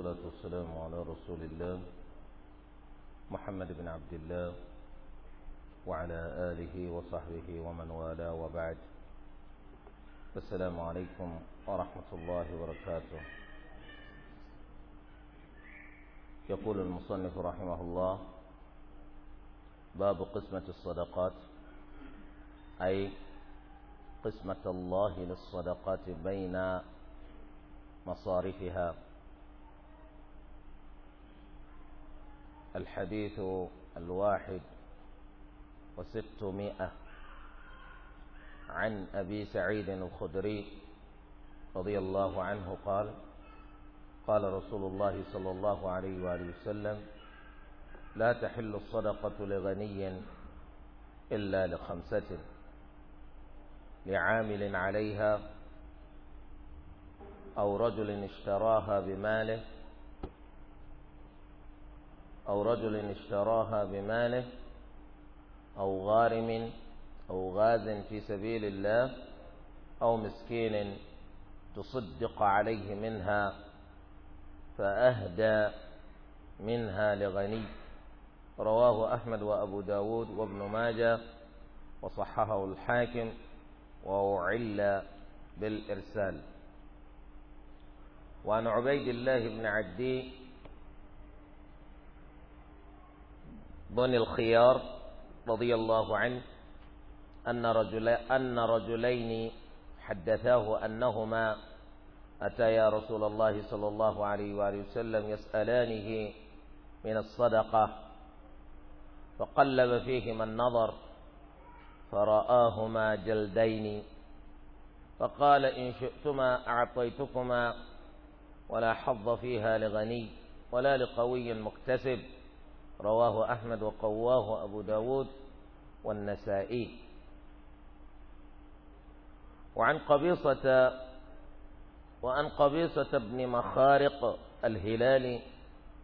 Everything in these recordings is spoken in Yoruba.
والصلاة والسلام على رسول الله محمد بن عبد الله وعلى آله وصحبه ومن والاه وبعد السلام عليكم ورحمة الله وبركاته يقول المصنف رحمه الله باب قسمة الصدقات أي قسمة الله للصدقات بين مصارفها الحديث الواحد وستمائة عن أبي سعيد الخدري رضي الله عنه قال قال رسول الله صلى الله عليه وآله وسلم لا تحل الصدقة لغني إلا لخمسة لعامل عليها أو رجل اشتراها بماله أو رجل اشتراها بماله أو غارم أو غاز في سبيل الله أو مسكين تصدق عليه منها فأهدى منها لغني رواه أحمد وأبو داود وابن ماجة وصححه الحاكم وأعل بالإرسال وعن عبيد الله بن عدي بن الخيار رضي الله عنه أن رجل أن رجلين حدثاه أنهما أتيا رسول الله صلى الله عليه وآله وسلم يسألانه من الصدقة فقلب فيهما النظر فرآهما جلدين فقال إن شئتما أعطيتكما ولا حظ فيها لغني ولا لقوي مكتسب رواه أحمد وقواه أبو داود والنسائي وعن قبيصة وعن قبيصة بن مخارق الهلالي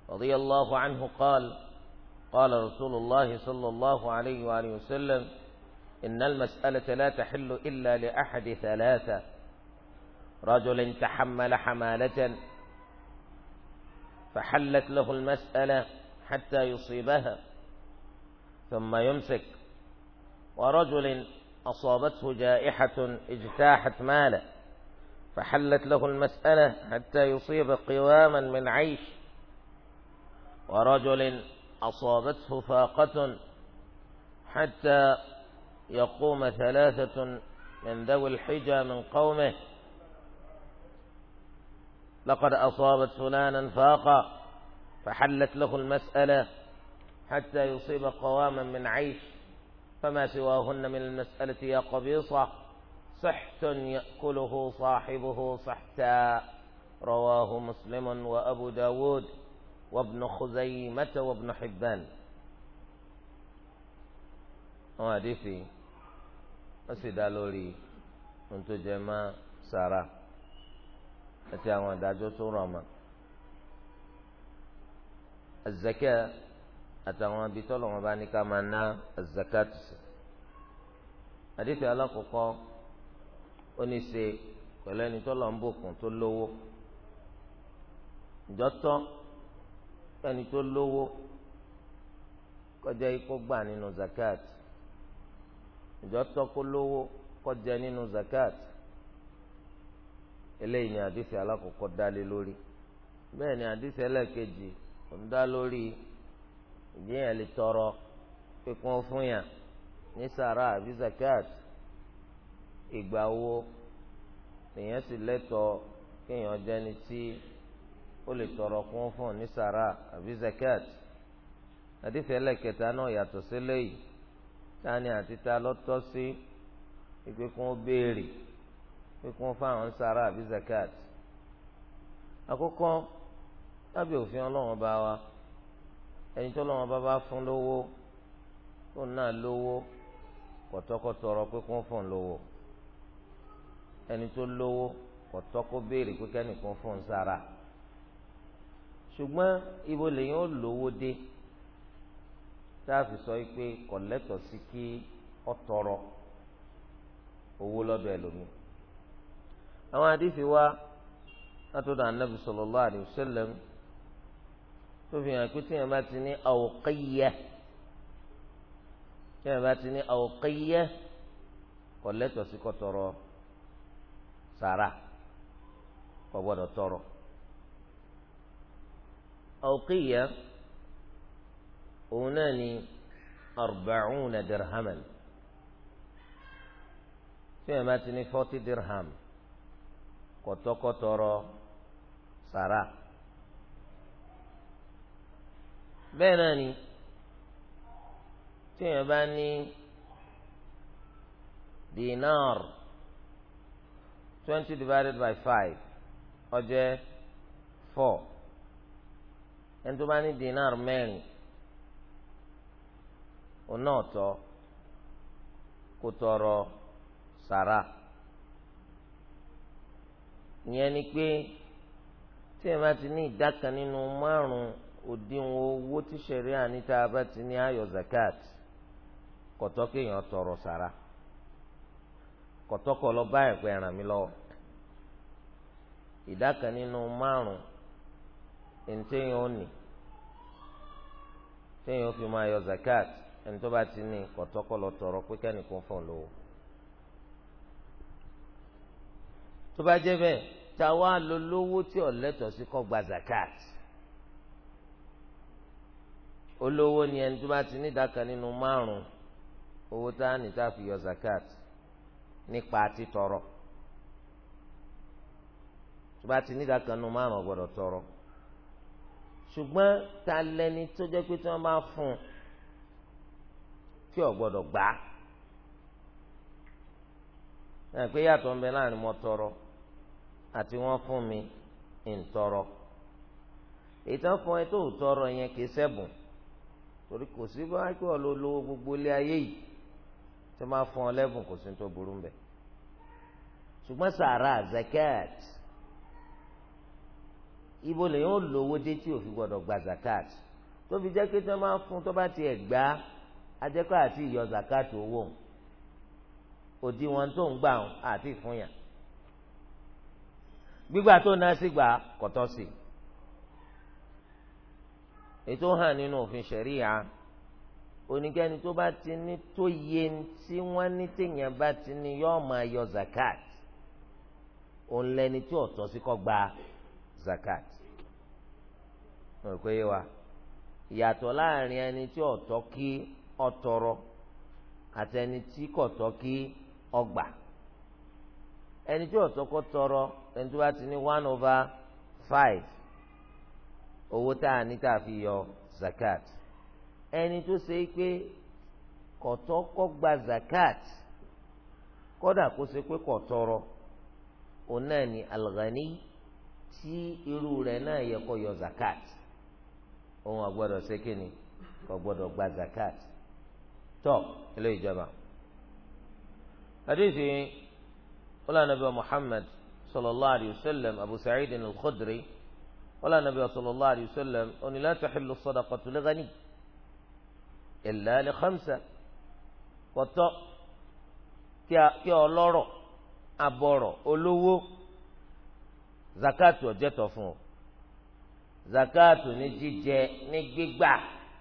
رضي الله عنه قال قال رسول الله صلى الله عليه وآله وسلم إن المسألة لا تحل إلا لأحد ثلاثة رجل تحمل حمالة فحلت له المسألة حتى يصيبها ثم يمسك ورجل أصابته جائحة اجتاحت ماله فحلت له المسألة حتى يصيب قواما من عيش ورجل أصابته فاقة حتى يقوم ثلاثة من ذوي الحجى من قومه لقد أصابت فلانا فاقة فحلت له المسألة حتى يصيب قواما من عيش فما سواهن من المسألة يا قبيصة صحت يأكله صاحبه صحتا رواه مسلم وأبو داود وابن خزيمة وابن حبان وعدفي أسيد wọn أنت dá سارة ohun tó jẹ azakẹ àtàwọn abitọ́lọ̀ wọn bá ní ká máa ná azakẹ àtúnṣe àdìsẹ́ alákọ̀ọ́kọ́ ó ní ṣe pẹ̀lú ẹni tọ́lọ̀ ń bòkun tó lówó ìjọ́tọ́ ẹni tó lówó kọjá ikú gbà nínú zakat ìjọ́tọ́ kó lówó kọjá nínú zakat eléyìí ni àdìsẹ́ alákọ̀ọ́kọ́ dálé lórí bẹ́ẹ̀ ni àdìsẹ́ ẹlẹ́ẹ̀kejì ń dá lórí ìjẹyàn lè tọrọ pípọn fún yàn ní sàrà àbí zakat ìgbà wo lèyàn sì lẹ́tọ̀ọ́ kéèyàn jẹ́ni tí ó lè tọrọ kún fún ní sàrà àbí zakat àdìfẹ́lẹ̀ kẹta náà yàtọ̀ sílẹ̀ yìí tani àti ta lọ́tọ́ sí ìpè kún béèrè pé kún fáwọn sàrà àbí zakat àkọ́kọ́ lábẹ́ òfin ọlọ́run bá wa ẹni tó lọ́wọ́ bá bá fún lówó tó náà lówó kọ̀tọ́kọ̀tọ́ ọ̀rọ̀ pé kún fún lówó ẹni tó lówó kọ̀tọ́kọ̀ béèrè pé kẹ́nìkan fún sára ṣùgbọ́n ibo lèyìn ó lówó dé tá a fi sọ pé kọ̀lẹ́tọ̀ sí kí ọ tọrọ owó lọ́dọ̀ ẹlòmíì àwọn àdìsí wa látọ̀dọ̀ anabi sallallahu alaihi wasallam tó fi hàn pé tíyẹn bá ti ní àwòkẹ́yẹ tíyẹn bá ti ní àwòkẹ́yẹ kò lẹ́tọ̀ọ́ sí kó tọrọ sàrà kò gbọ́dọ̀ tọrọ àwòkẹ́yẹ òun náà ni arba'una dirhaman tíyẹn bá ti ní forty dirham kò tọ́ tọrọ sàrà. bẹ́ẹ̀ náà ni tíyẹn bá ní dinar twenty divided by five ó four ẹni tó bá ní dinar mẹ́rin òun náà tọ́ kó tọrọ sàrà ìyẹn ni pé tíyẹn bá ti ní ìdá kan nínú márùn-ún òdiwọ̀n owó tí sẹ̀ríà bá ti ní zakat kọtọ kéèyàn tọrọ sára kọtọ kọ lọ bá ẹ̀pẹ́ ràn mí lọ́wọ́ ìdá kan nínú márùn zakat ẹni tó bá ti ní lọ tọrọ pé kẹ́nìkan fún un tó bá jẹ́ bẹ́ẹ̀ ta wá lọ lówó tí lẹ́tọ̀ọ́ gba zakat. olówó ni ẹni tó bá ti ní ìdáka nínú márùn owó tá a ní tá a fi yọ zakat nípa títọrọ tó bá ti ní ìdáka nínú márùn ọgbọ́dọ̀ tọrọ ṣùgbọ́n ta lẹni tó jẹ́ pé tí wọ́n bá fún un kí ọgbọ́dọ̀ gbà ẹ pé yàtọ̀ ń bẹ láàrin mọ́ tọrọ àti wọ́n fún mi ń tọrọ ìtàn fún ẹ tó tọrọ yẹn kì í ṣẹ̀bùn torí kò sí bá kí wọn lọ lówó gbogbo ilé ayé yìí tó máa fún ọ lẹ́bùn kò sí tó burú mbẹ̀ ṣùgbọ́n sàrà zakat ibo lèyìn ó lówó dé tí òfin gbọdọ̀ gba zakat tó fi jẹ́ pé tó máa fún tó bá tiẹ̀ gbá ajẹ́kọ̀ àti ìyọ zakat owó òdiwọ̀n tó ń gbà àti ìfúnyà gbígbà tó ná sí gbà kọ̀tọ́ sí i. ètò hàn nínú òfin ṣẹ̀ríya oníkẹ́ni tó bá ti ní tó yẹ tí wọ́n ní téèyàn bá ti ní yóò máa yọ zakat òun lẹni tí ọ̀tọ̀ sí kọ́ gba zakat mo rò pé wa yàtọ̀ láàrin ẹni tí ọ̀tọ̀ kí ọ̀tọ̀rọ̀ àti ẹni tí kọ̀tọ̀ kí ọgbà ẹni tí ọ̀tọ̀ kọ́ tọrọ ẹni tó bá ti ní one over five owó tá a ní tá a fi yọ zakat ẹni tó ṣe pé kọ̀tọ́ kọ́ gba zakat kódà kó ṣe pé kọ̀tọ́rọ̀ òun náà ni alghani tí irú rẹ̀ náà yẹ kó yọ zakat òun àgbọ̀dọ̀ ṣe kíni kò gbọ́dọ̀ gba zakat tọ́ ilé ìjọba. hadithi ọlọ́nàbẹ̀ muhammad sallallahu alayhi wa sallam abu sa'id al-khudri wala nabi sallallahu alayhi wa sallam oni la tahillu sadaqatu li ghani illa li khamsa kọtọ kí ọlọ́rọ̀ abọrọ olówó zakatu ọjẹtọ fún ọ zakatu ní jíjẹ ní gbígbà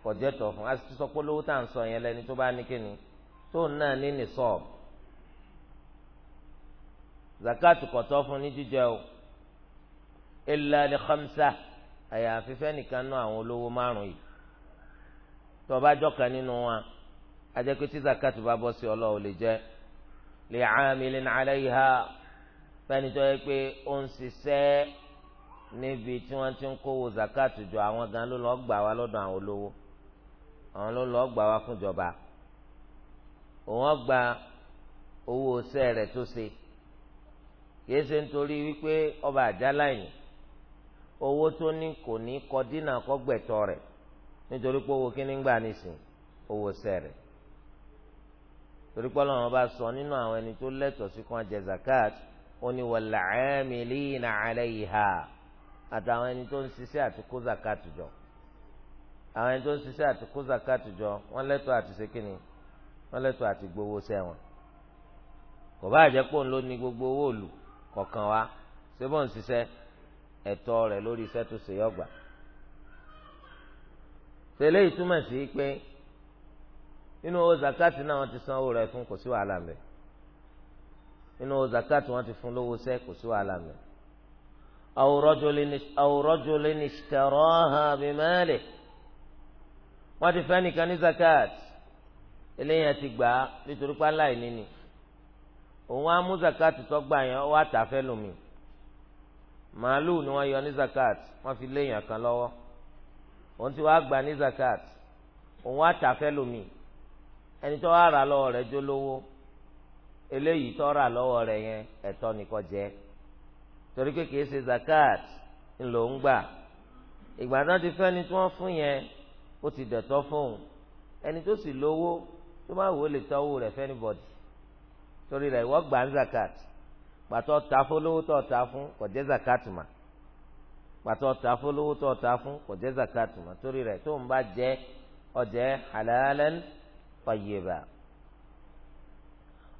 ọjẹtọ fún asitú sọ pé olówó tá à ń sọ yẹn lẹni tó bá ní kíni tóun náà ní nìsọọbù zakatu kọtọ fún ní jíjẹ o illa li khamsa àyàfi fẹ́nìkan náà àwọn olówó márùn yìí tó bá jọ̀kan nínú wa ajẹ́pẹ́ tí zakat bá bọ́ sí ọlọ́ọ̀ lè jẹ́ li amilin alayha fẹ́ni tó yẹ pé ó ń ṣiṣẹ́ níbi tí wọ́n ti ń kówó zakat jọ àwọn gan ló lọ́ọ́ gbà wá lọ́dọ̀ àwọn olówó àwọn ló lọ́ọ́ gbà wá fúnjọba òun gba owó iṣẹ́ tó ṣe kìí ṣe nítorí wípé ọba àjálá owó tó ní kò ní kọ dínà kọ́ gbẹ̀tọ́ rẹ̀ nítorí pé owó kíní gbà nísìn owó sẹ́rẹ̀ torí pé ọlọ́run bá sọ nínú àwọn ẹni tó lẹ́tọ̀ọ́ sí kan jẹ zakat ó ní wal-aamilina alayha àtàwọn ẹni tó ń ṣiṣẹ́ àti kó zakat jọ àwọn ẹni tó ń ṣiṣẹ́ àti kó zakat jọ wọ́n lẹ́tọ̀ọ́ àti ṣe kíni wọ́n lẹ́tọ̀ọ́ àti gbowó sẹ́wọ̀n kò bá jẹ́ pé ní gbogbo owó òlù kọ̀ọ̀kan wa ṣé bọ́n ń ṣiṣẹ́ ẹ̀tọ́ rẹ̀ lórí iṣẹ́ tó ṣe yọgbà tẹlẹ ìtumọ̀ sí pé nínú owó zakati náà wọ́n ti san owó rẹ̀ fún kò sí wàhálà mẹ́ nínú owó zakati wọ́n ti fún lówó sẹ́ kò sí wàhálà mẹ́ àwòrọ́jọlẹ́ ní ṣẹ̀rọ̀ hàn bí mẹ́lẹ̀ wọ́n ti fẹ́ nìkan ní zakati eléyìí ti gbà á nítorí pé aláìní ni òun á mú zakati tó gbà yẹn ó wá tà fẹ́ lómi màálù ni wọ́n yọ ní zakat wọ́n fi léèyàn kan lọ́wọ́ òun ti wàá gbà ní zakat òun wàá tàfẹ́ lomi ẹni tó wàá rà lọ́wọ́ rẹ̀ jó lówó eléyìí tó rà lọ́wọ́ rẹ̀ yẹn ẹ̀tọ́ nìkan jẹ́ torí pé kìí ṣe zakat ńlò ń gbà ìgbà náà ti fẹ́ ni tí wọ́n fún yẹn ó ti dẹ̀tọ́ fóun ẹni tó sì lówó tó bá wò ó lè tọ́wọ́ rẹ̀ fẹ́ ní bọ̀dì torí rẹ̀ ìwọ gbà ń zakat pàtó ta fún lówó tó ta fún kò zakati mà pàtó ta fún tó ta fún kò zakati mà torí rẹ̀ tó ń bá jẹ́ ọjẹ́ halalan tayyiba.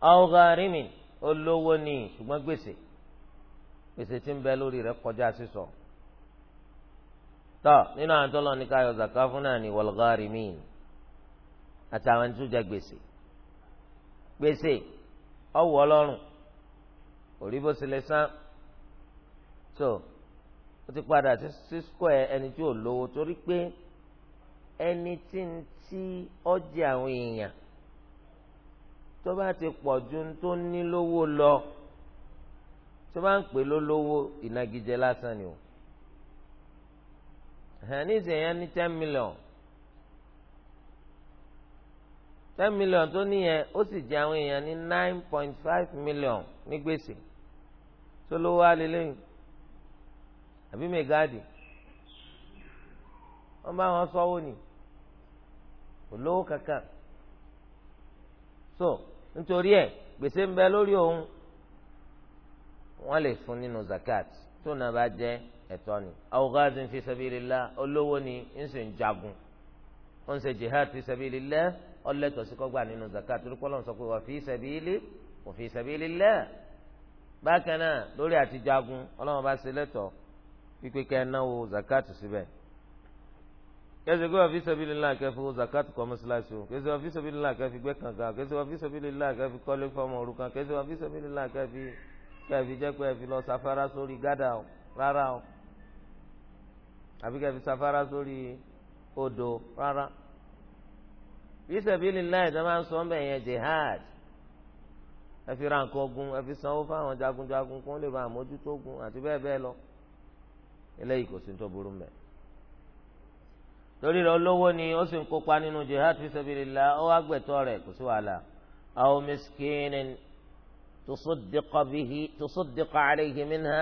aw gharimin olówó ni ṣùgbọ́n gbèsè gbèsè ń bẹ lórí kọjá sísọ. nínú ní òrí bó ṣe lè san so ó ti padà sí square ẹni tí ò lówó torí pé ẹni tí ń tí ọjà àwọn èèyàn tó bá ti pọ̀ ju tó ní lówó lọ tó bá ń pè lólówó ìnagijẹ lásán ni o hàn ní ìsẹ̀yìn ẹni ten million ten million tó níyẹn ó sì jẹ àwọn èèyàn ní nine point five million. ní gbèsè tó ló wá lélẹ́yìn àbí mẹ́gáàdì wọ́n bá wọn sọ́wọ́ ni kò kankan so nítorí ẹ̀ gbèsè ń bẹ lórí òun wọ́n lè fún nínú zakat tó náà bá jẹ́ ẹ̀tọ́ ni awogazin fi sabilillah olówó ni ń sì ń jagun ó ń ṣe jihad fi sabilillah ọlẹ́tọ̀ọ́sí kọ́gbà nínú zakat torí pé Ọlọ́run sọ pé wà fi sabilillah wa fi sabilillah bákan náà lórí àti jagun ọlọ́run bá ṣe lẹ́tọ̀ọ́ pípé ká ẹ náwó zakat síbẹ̀ kẹsì kí wọ́n fi sabilillah kẹfì wo zakat kọ́ mọ́ṣáláṣí o kẹsì wọ́n fi sabilillah kẹfì gbẹ́ kànga kẹsì wọ́n fi sabilillah kẹfì kọ́lé fọ́ọ̀mù òrukàn kẹsì wọ́n fi sabilillah kẹfì kẹfì jẹ́ pé ẹ̀fì lọ safara sórí gádà o rárá o àbí kẹfì safara sórí odò rárá fi sabilillah ìjọba ń sọ ọ́n bẹ̀yẹn jihad ẹ fi ra nǹkan ogun ẹ fi sanwó fáwọn jagunjagun kó lè ba àmójútó ogun àti bẹ́ẹ̀ bẹ́ẹ̀ lọ eléyìí kò sí tó burú mẹ́. torí rẹ̀ olówó ni ó sì ń kópa nínú jihad fi sabilillah ó wá gbẹ̀tọ́ rẹ̀ kò sí wàhálà aw miskinin tusuddiqa bihi tusuddiqa alayhi minha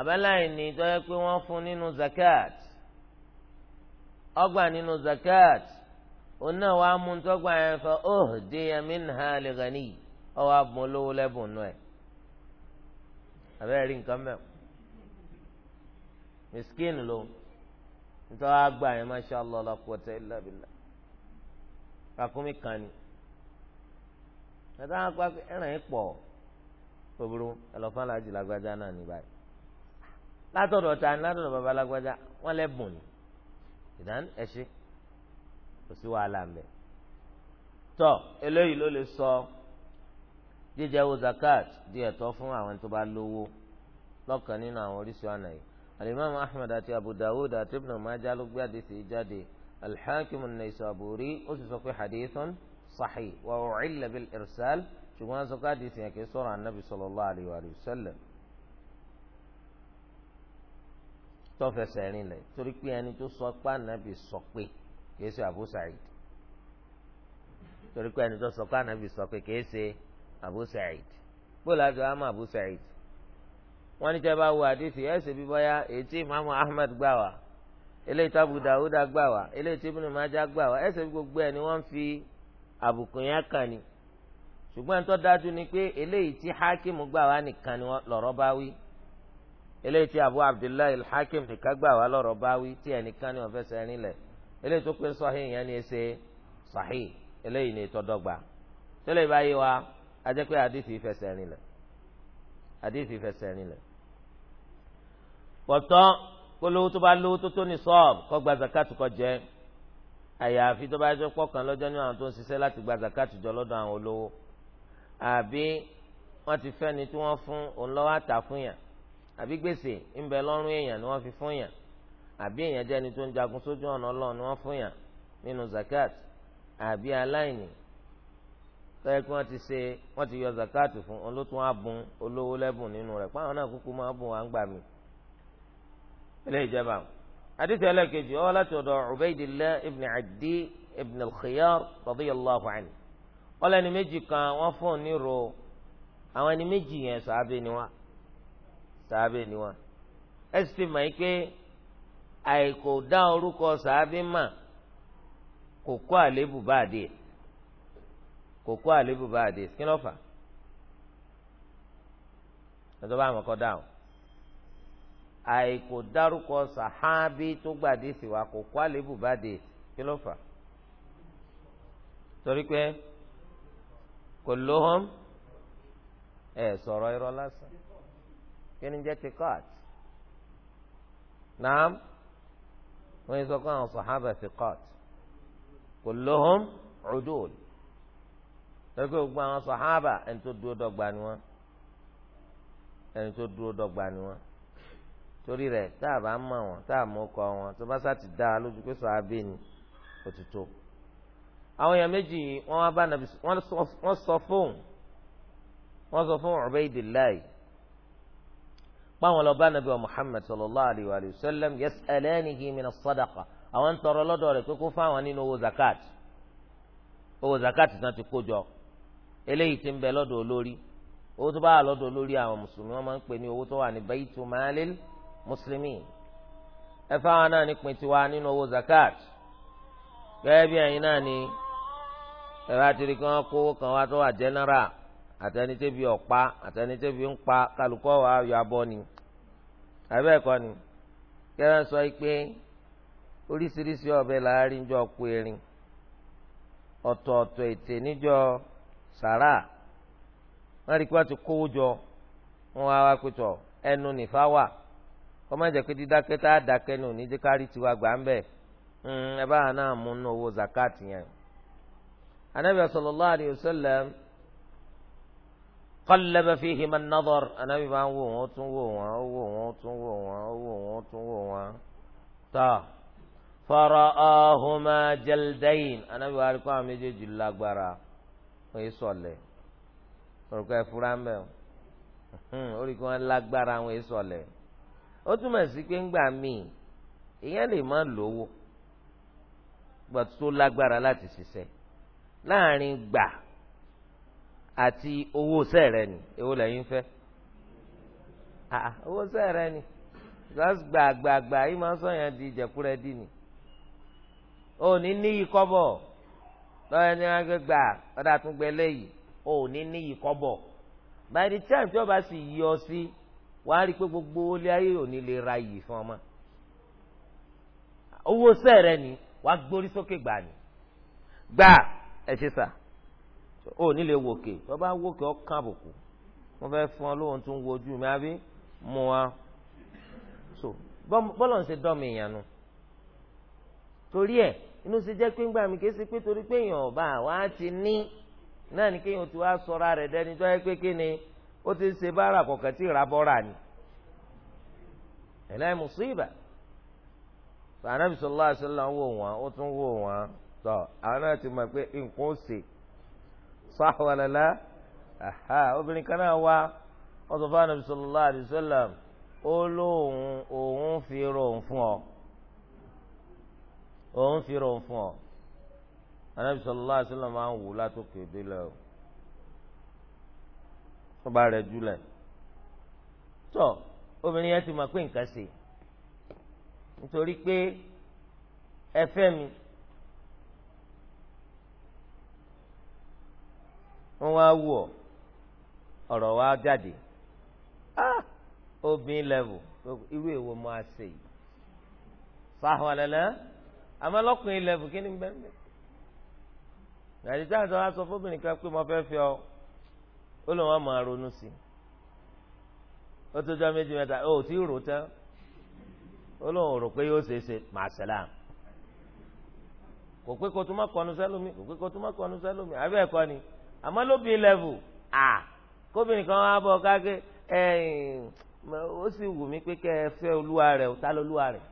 àbáláyìní tó yẹ pé wọ́n fún nínú zakat ọgbà nínú zakat òun náà wàá mú tọ́gbà yẹn fa uhdiya minha li ghani. ọ wá bùn olówó lẹ́bùn nù ẹ̀ abẹ́rẹ́ rí nǹkan mẹ́wọ́ miskin ló nítorí wàá gbà yẹn masha allah la quwwata illa billah kan ni nàtàwọn akpa ẹ̀ràn yẹn pọ̀ gbogbo ẹlọ́fà làjì lágbájá náà ní báyìí látọ̀dọ̀ ta ni látọ̀dọ̀ bàbá lágbájá wọ́n lẹ bùn ni ìdán ẹ̀ṣin kò sí wàhálà ń bẹ̀ tọ́ eléyìí ló lè sọ. So, jíjẹ wo zakat di ẹ̀tọ́ fún àwọn tó bá lówó lọ́kàn nínú àwọn oríṣi ọ̀nà yìí alimami ahmed àti abu dawud àti ibn majah ló gbé àdìsí jáde alḥakim an-naysaburi ó sì sọ pé hadithun sahih wa u'illa bil irsal ṣùgbọ́n sọ pé àdìsí yẹn kì í sọ̀rọ̀ anabi sallallahu alayhi wa sallam tó fẹsẹ̀ rinlẹ̀ torí pé ẹni tó sọ pé anabi sọ pé kì í ṣe abu sa'id torí pé ẹni tó sọ pé anabi sọ pé kì í ṣe abu sa'id bóòlù àti ahmed abu sa'id wọ́n ní tẹ́ bá wo àdìsí ẹ̀sìn bí bọ́yá ètí imaamu ahmed gbà wá eléyìí tí abu dawuda gbà wá eléyìí tí ibnu maja gbà wá ẹ̀sìn bí gbogbo ẹ̀ ni wọ́n fi àbùkù yẹn kàn ní ṣùgbọ́n tó dájú ni pé eléyìí tí hakim gbà wá nìkan ni lọ́rọ̀ bá wí eléyìí tí abu abdullahi hakim nìkan gbà wá lọ́rọ̀ bá wí tí ẹnìkan ni wọ́n fẹ́ sẹ́yìn nílẹ̀ eléyìí tó pé sahih yẹn ni ẹ ṣe sahih eléyìí ni ètò dọ́gba tẹ́lẹ̀ báyìí wa ajẹ́ pé àdìsí ìfẹsẹ̀ rinlẹ̀ àdìsí ìfẹsẹ̀ rinlẹ̀ pọ̀tọ́ polówó tó bá lówó tó tó ní sọ́ọ̀bù kó gba zakat kó jẹ àyàfi tó bá jẹ́ pọ̀kan lọ́jọ́ ní àwọn tó ń ṣiṣẹ́ láti gba zakat jọ lọ́dọ̀ àwọn olówó àbí wọ́n ti fẹ́ni tí wọ́n fún òun lọ́wọ́ àtà fún yàn àbí gbèsè ń bẹ lọ́rùn èèyàn ni wọ́n fi fún yàn àbí èèyàn jẹ́ni tó ń jagun sójú ọ̀nà ọlọ́run ni wọ́n fún yàn nínú zakat àbí aláìní tọ́yẹ kí wọ́n ti ṣe wọ́n ti yọ zakati fún un ló tún á bùn olówó lẹ́bùn nínú rẹ̀ pàwọn náà kúkú máa bùn wá ń gbà mí. ilé ìjọba àdìsí ẹlẹ́kejì ọ́ láti ọ̀dọ̀ Ubaydillah ibn Adi ibn al-Khiyar radiyallahu anhu ọlẹ́ni méjì kan wọ́n fún un nírò àwọn ẹni méjì yẹn sàábẹ̀ ni wọ́n sàábẹ̀ ni wọ́n ẹ sì ti mọ̀ yín pé àìkò dá orúkọ sàábẹ̀ mà kò kó àlébù bá àdìyẹ kò kó àlébù bá àdé kí ló fà ẹjọ́ bá àmọ́kọ́ dáhùn àìkò dárúkọ sàhábí tó gbàdé sí wa kò kó àlébù bá àdé kí ló torí pé kulluhum ẹ sọ̀rọ̀ irọ́ lásán kí ni jẹ́ tiqat naam wọ́n yẹ sọ àwọn sàhábà tiqat kulluhum lọ́pẹ́ gbogbo àwọn sọ̀hábà ẹni tó dúró dọ́gba ni wọ́n ẹni tó dúró dọ́gba ni wọ́n torí rẹ̀ tá a bá mọ̀ wọn tá a mọ̀ kọ́ wọn tó bá sàti dá a lójú pé sọ abẹ́ ni òtítọ́ àwọn èèyàn méjì yìí wọ́n wá bá nàbí wọ́n sọ fóun wọ́n sọ fóun Ubaidillahi páwọn lọ bá nàbí wa Muhammad sallallahu alayhi wa sallam yas'alanihi min as-sadaqa àwọn ń tọrọ lọ́dọ̀ rẹ̀ pé kó fáwọn nínú owó zakat owó zakat náà ti kó jọ eléyìí tí ń bẹ lọ́dọ̀ olórí owó tó bá wà lọ́dọ̀ olórí àwọn mùsùlùmí wọ́n máa ń pè ní owó tó wà ní baitu malil muslimin ẹ fáwọn náà ní pin tiwa nínú owó zakat gẹ́gẹ́ bí ẹ̀yin náà ni ẹ̀rọ àtìrí kí wọ́n kó kan wá tó wà jẹ́nẹ́rà àtẹnitẹ́bi ọ̀pá àtẹnitẹ́bi ń pa kálukọ́ wa yọ abọ́ ni àbẹ́ẹ̀kọ́ ni kẹ́rẹ́ sọ pé oríṣiríṣi ọ̀bẹ làárín jọ pé erin ọ̀tọ̀ọ̀tọ̀ ètè sàrà wọ́n rí i pé wọ́n ti kówó jọ wọ́n wá wá pé tọ̀ ẹnu nìfà wà kọ́ má jẹ́ pé dídákẹ́ tá a dákẹ́ nù ní díkárì tiwa gbà ń bẹ̀ hmm, ẹ bá wa náà mú nínú owó zakat yẹn. anabi sallallahu alayhi wa sallam qallaba fihim an-nadar anabi máa ń wò wọ́n tún wò wọ́n ó wò wọ́n tún wò wọ́n ó wò wọ́n tún wò wọ́n tọ́ fara'ahuma jaldayn anabi wa alikọ́ àwọn méjèèjì lágbára wọ́n yé sọ̀lẹ̀ ọ̀rùkọ́ ẹ̀fúra ń bẹ̀ hmm, ó rí i kí wọ́n lágbára wọn yé sọ̀lẹ̀ ó túmọ̀ sí pé ńgbà míì ìyẹn lè má lówó gbàtú tó lágbára láti ṣiṣẹ́ láàrin gbà àti owó sẹ́ẹ̀rẹ́ ni èwo lẹ́yìn fẹ́ ah, owó sẹ́ẹ̀rẹ́ ni because gbàgbàgbà yìí máa sọ yẹn di ni, dì ní òní níyì kọ́bọ̀ lọ́yẹ ní wọn gbé gbà ọ̀dà tún gbẹ lẹ́yìn ò ní níyì kọ́bọ̀ by the time tí wọ́n bá sì yọ sí wàá rí pé gbogbo olé ayé ò lè ra iyì fún ọmọ owó sẹ́ẹ̀rẹ́ ni wàá gbórí sókè gbà ni gbà ẹ̀ ṣe sà ó ní lè wòkè tó bá wòkè ọ kàn àbùkù wọn fẹẹ fún ọ lóhun tó ń wojú mi àbí mú wa so bọ́lọ̀ ń ṣe dọ́mi torí ẹ̀ inú ṣe jẹ́ pé ń si mí kì í torí pé ọba àwa ti ní náà ni kéèyàn ti wá sọra rẹ̀ dẹ́ni tó yẹ pé kí ni ó ti ń ṣe bára kọ̀ọ̀kan tí ìrabọ́ra ni ẹ̀lẹ́ mùsíbà sànàbì sọlá àṣẹlá ń wò wọ́n ó tún wò wọ́n tọ́ àwọn náà ti mọ̀ pé nǹkan ó ṣe sáwàlálá obìnrin kan náà wá wọ́n sọ fún ànàbì sọlá ó lóun òun fi fún ọ. òun fi rò fún ọ anabi sallallahu alaihi wasallam máa ń wò látòkè délẹ̀ o tó bá rẹ̀ jùlẹ̀ tó obìnrin yẹn ti mọ̀ pé nǹkan ṣe nítorí pé ẹ fẹ́ mi wọ́n wá wù ọ́ ọ̀rọ̀ wa jáde ah! obìnrin lẹ́wù irú èwo máa ṣe yìí sáhùn alẹ́ lẹ́yìn àmọ́ lọ́kùnrin level kí ni bẹ́ẹ̀ bẹ́ẹ̀ àdìsí àti wọn sọ fóbìnrin kan pé mo fẹ́ fi ọ ó lọ wọn máa ronú sí ó tó jọ méjì mẹ́ta ó tí rò tán ó lóun rò pé yóò ṣeé ṣe màá sẹ́lá kò pé kó tó má kọnu sẹ́lómi kò pé kó tó má kọnu sẹ́lómi àbẹ́ ẹ̀kọ́ ni àmọ́ lóbìnrin level à kóbìnrin kan wá bọ̀ káàkiri ẹ̀yìn ó sì wù mí pé kẹ́ ẹ fẹ́ olúwa rẹ̀ ó ta lọ́lúwa rẹ̀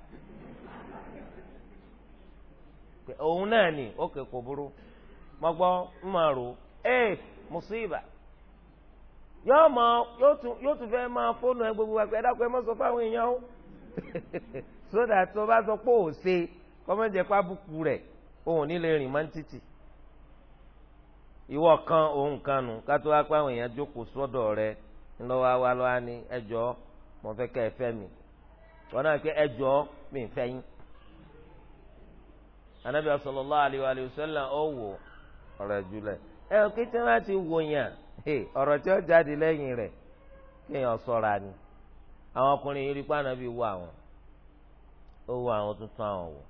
òun náà ni ó kè kò burú mọ́gbọ́ ń máa rò yóò mọ yóò tún fẹ́ máa fóònù ẹ gbogbo wa pé ẹ dákun ẹ mọ̀ èèyàn o sódà tó bá sọ pé ò ṣe kọ́mọ́jẹ́ pábùkù rẹ̀ òun nile rìn máa ń títì ìwọ kan òun kan nù ká tó wá pé rẹ ńlọ́wọ́ wa lọ́wọ́ ni ẹjọ́ mo fẹ́ kẹ́ ẹ fẹ́ mi wọn náà pé mi fẹ́ yín anabi asọlọlá aliyu aliyu sọlá ọwọ ọ̀rọ̀ ìjùlẹ ẹ ò kété wá ti wò yàn ọ̀rọ̀ tí ó jáde lẹ́yìn rẹ̀ kéèyàn ṣọ́ra ni àwọn ọkùnrin yìí rí pé anabi wọ àwọn ó wọ àwọn tuntun àwọn wò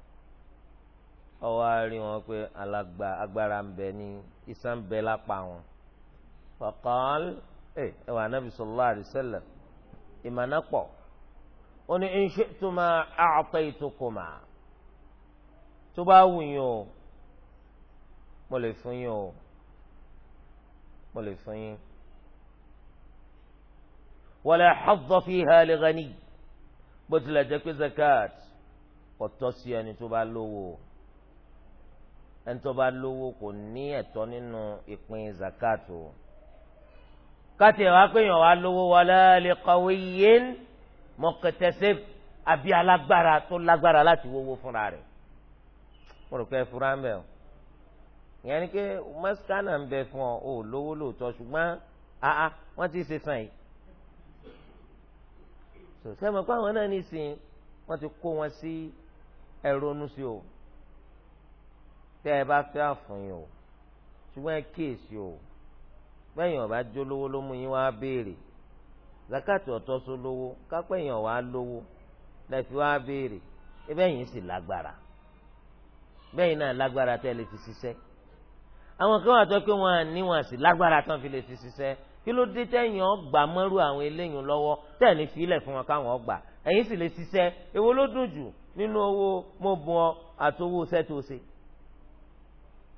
ọwọ àárín wọn pé alàgbà agbára ń bẹ ní iṣan bẹ lápá wọn fọkàn ẹ ẹ wà anabi sọlá aliyu sọlá ìmọ̀nà pọ̀ ó ní in shi'tuma a'taytukuma tó bá wù yín o mo lè fún yín o mo lè fún yín. wala hadda fiha li ghani bó tilẹ̀ jẹ́ pé zakat kò tọ́ sí ẹni tó bá lówó ẹni tó bá lówó kò ní ẹ̀tọ́ nínú ìpín zakat o káti wàá péyàn wàá lówó wala li qawiyyin muqtasib àbí alágbára tó lágbára láti wówó fúnra rẹ̀ mo rò pé ẹ fura ń bẹ̀ o ìyẹn ni pé mọ́síkánà ń bẹ fún ọ ò lówó lóòótọ́ ṣùgbọ́n àá wọ́n ti ṣe sàn yìí sọ̀tẹ́ mọ̀ pé àwọn náà nísìnyí wọ́n ti kó wọn sí ẹ̀rọnú sí o tẹ́ ẹ bá fẹ́ àfọyín o ṣùgbọ́n ẹ kíyèsí o bẹ́ẹ̀ yàn bá jó lówó ló mú yín wá béèrè zakati ọ̀tọ́ só kápẹ́ yàn wá lówó lẹ́fi wá béèrè ẹ bẹ́ẹ̀ yín sì lágbára bẹ́ẹ̀ náà lágbára tẹ́ lè fi ṣiṣẹ́ àwọn kan wà tó pé wọn níwọ̀n sí lágbára tán fi lè fi ṣiṣẹ́ kí ló dé tẹ́yìn ọgbà mọ́rú àwọn eléyìn lọ́wọ́ tẹ́ẹ̀ni filẹ̀ fún wọn káwọn ọgbà ẹ̀yìn sì lè ṣiṣẹ́ èwo ló dùn jù nínú owó mo bùn ọ àtowó sẹ́tòsí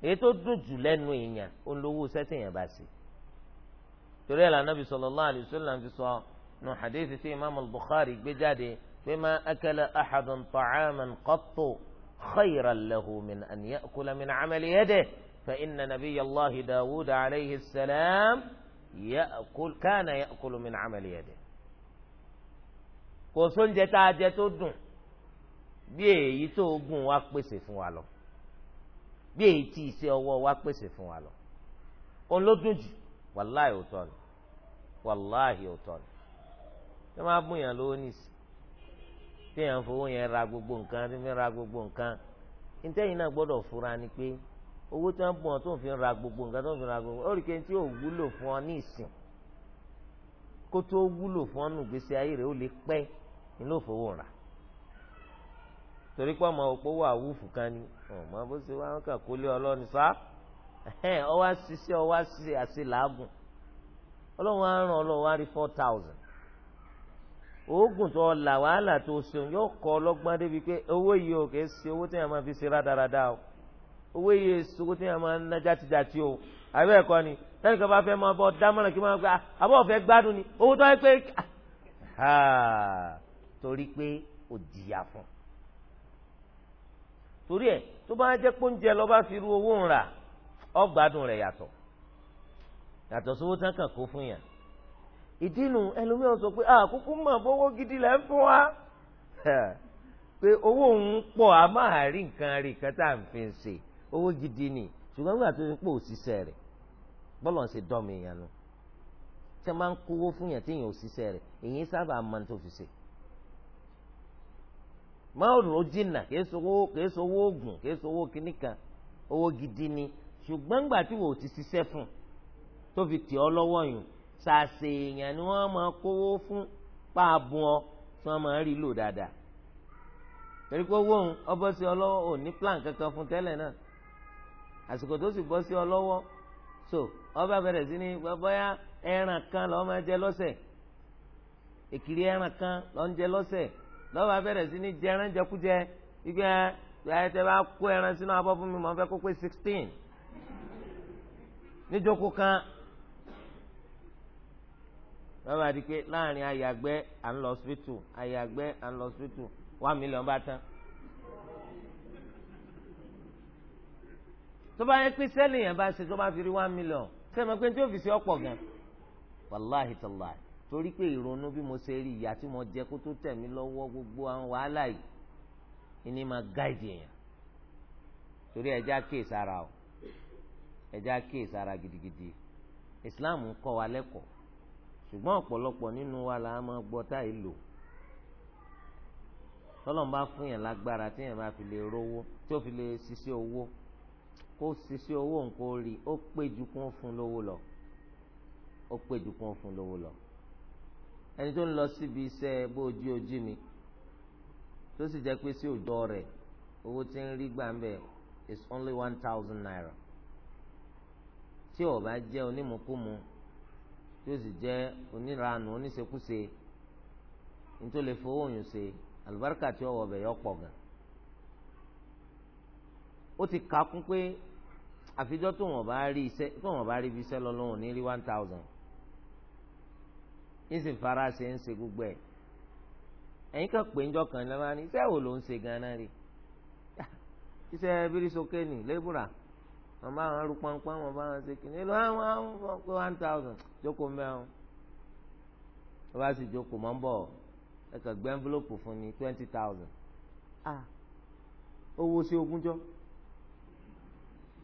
èyí tó dùn jù lẹ́nu èèyàn olówó sẹ́tìyàn bá sí torí ẹ̀ lànà bisalòláà àlùsọ́lá fi sọ nù hadith tí imaamu Bukhari gbé jáde pé má akala ahadun ta'aman خيرا له من أن يأكل من عمل يده فإن نبي الله داود عليه السلام يأكل كان يأكل من عمل يده kò sóúnjẹ tá a jẹ tó dùn bí èyí tó gùn wá pèsè fún wa lọ bí èyí tí iṣẹ́ ọwọ́ wa pèsè fún wa lọ òun ló dùn jù wàláhì òótọ́ ni wàláhì òótọ́ ni ṣé máa bùn yàn lówó nìsí tí fowó yẹn ra gbogbo nǹkan tí fi ra gbogbo nǹkan ntẹ́yìn náà gbọ́dọ̀ fura ni pé owó tí wọ́n bù tó fi ra gbogbo nǹkan tó fi ra gbogbo ó rí i tí ò wúlò fún ọ ní ìsìn kó tó wúlò fún ọ nù ayé ó lè pẹ́ fowó rà torí pé ọmọ ni ọmọ bó ṣe wá kà kó lé ọlọ́ni sá ọlọ́run á ràn ọlọ́run oògùn tó la wàhálà tó ṣeun yóò kọ́ ọlọ́gbọ́n débi pé owó yìí ò kè é ṣe owó a máa fi ṣe rádaràda o owó yìí èso owó téèyàn máa ń ná játijàti o àbẹ́ ẹ̀kọ́ ni tẹ́lifíkà bá fẹ́ máa bọ́ dámọ̀ràn kí máa gba àbọ̀ ọ̀fẹ́ gbádùn ni owó tó wáyé pé torí pé ò jìyà fún un torí ẹ̀ tó bá jẹ́ pọ́ńjẹ lọ bá fi ru owó ń rà ọgbádùn rẹ̀ yàtọ̀ yàtọ̀ sówó tán kàn kó fún yàn ìdínú ẹlòmíràn sọ pé àkókò mà bówó gidi lẹ́ ń fún wa pé a máa rí nǹkan rí nǹkan tá à ń fi ṣe owó gidi ni ṣùgbọ́n nígbà tó ń pò òṣìṣẹ́ rẹ̀ bọ́lọ̀ ń ṣe dọ́mi yẹn tí a máa ń kówó fún yàn tí èèyàn òṣìṣẹ́ rẹ̀ èyí sábà máa ń tó fi ṣe máwòrán ó jìnnà kìí sowó oògùn kìí kan owó gidi ti ṣiṣẹ́ fún tó sàṣe èèyàn ni wọ́n máa kówó fún páàbù ọ tí wọ́n máa rí lò dáadáa torí pé owó òun ọbọ̀ sí ọlọ́wọ́ ò ní plan kankan fún tẹ́lẹ̀ náà àsìkò tó sì bọ́ sí so ọba bẹ̀rẹ̀ sí ní ẹran kan lọ máa jẹ lọ́sẹ̀ èkìrí ẹran kan lọ ń jẹ lọ́sẹ̀ lọ́ọ́ bá sí ní jẹ jẹkújẹ gbígbẹ́ ẹ bá kó ẹran sínú fún mi kan wọ́n máa di pé láàrin ayàgbẹ́ à ń lọ síbítù ayàgbẹ́ and ń lọ síbítù one million bá tán. tó bá yẹ pé sẹ́lẹ̀ yẹn bá ṣe tó bá fi rí one million sẹ́mi pé tí ó fi ṣe ọ̀pọ̀ gan. wàláhì tàlá torí pé ìrònú bí mo ṣe rí ìyá tí mo jẹ kó tó tẹ̀ mí lọ́wọ́ gbogbo àwọn wàhálà yìí ìní máa gáìdì èèyàn torí ẹja kéè sára ẹja kéè sára gidigidi Islam ń kọ́ wa lẹ́kọ̀ọ́ ṣùgbọ́n ọ̀pọ̀lọpọ̀ nínú wa là á máa gbọ́ tá ì lò tọ́lọ́n bá fún yẹn lágbára tí yẹn bá fi lè rówó tí ó fi lè ṣiṣẹ́ owó kó ṣiṣẹ́ owó nǹkan rí ó pé ju kún fún lówó lọ ó pé ju kún fún lówó lọ ẹni tó ń lọ síbi iṣẹ́ bó ojú ojú ni tó sì jẹ́ pé sí òjò rẹ̀ owó tí ń rí gbàmbẹ̀ is only one thousand naira tí ó bá jẹ́ onímùkúmu tí ó sì jẹ́ oníranù oníṣekúṣe nítorí lè fowó òyìn ṣe àlùbáríkà tí ó wọ ọbẹ̀ yọ pọ̀ gan. ó ti kà kún pé àfijọ́ tó wọ́n bá rí iṣẹ́ tó wọ́n bá rí ibi iṣẹ́ lọ́lọ́run ní rí one thousand ní sì fara ṣe ń ṣe gbogbo ẹ̀ ẹ̀yin kan pè ń jọ kàn lọ́wọ́ ní iṣẹ́ wo ló ń ṣe gan-an rí iṣẹ́ bírísókè ní lébùrà wọn bá wọn rú pọnpọn wọn bá wọn ṣe kìnìún èlò àwọn àwọn fọ pé one thousand jókòó mẹ́rin wọ́n bá sì jókòó mọ́ ń bọ̀ ẹ kàn gbé envelope fún ni twenty thousand ah owó sí ogúnjọ́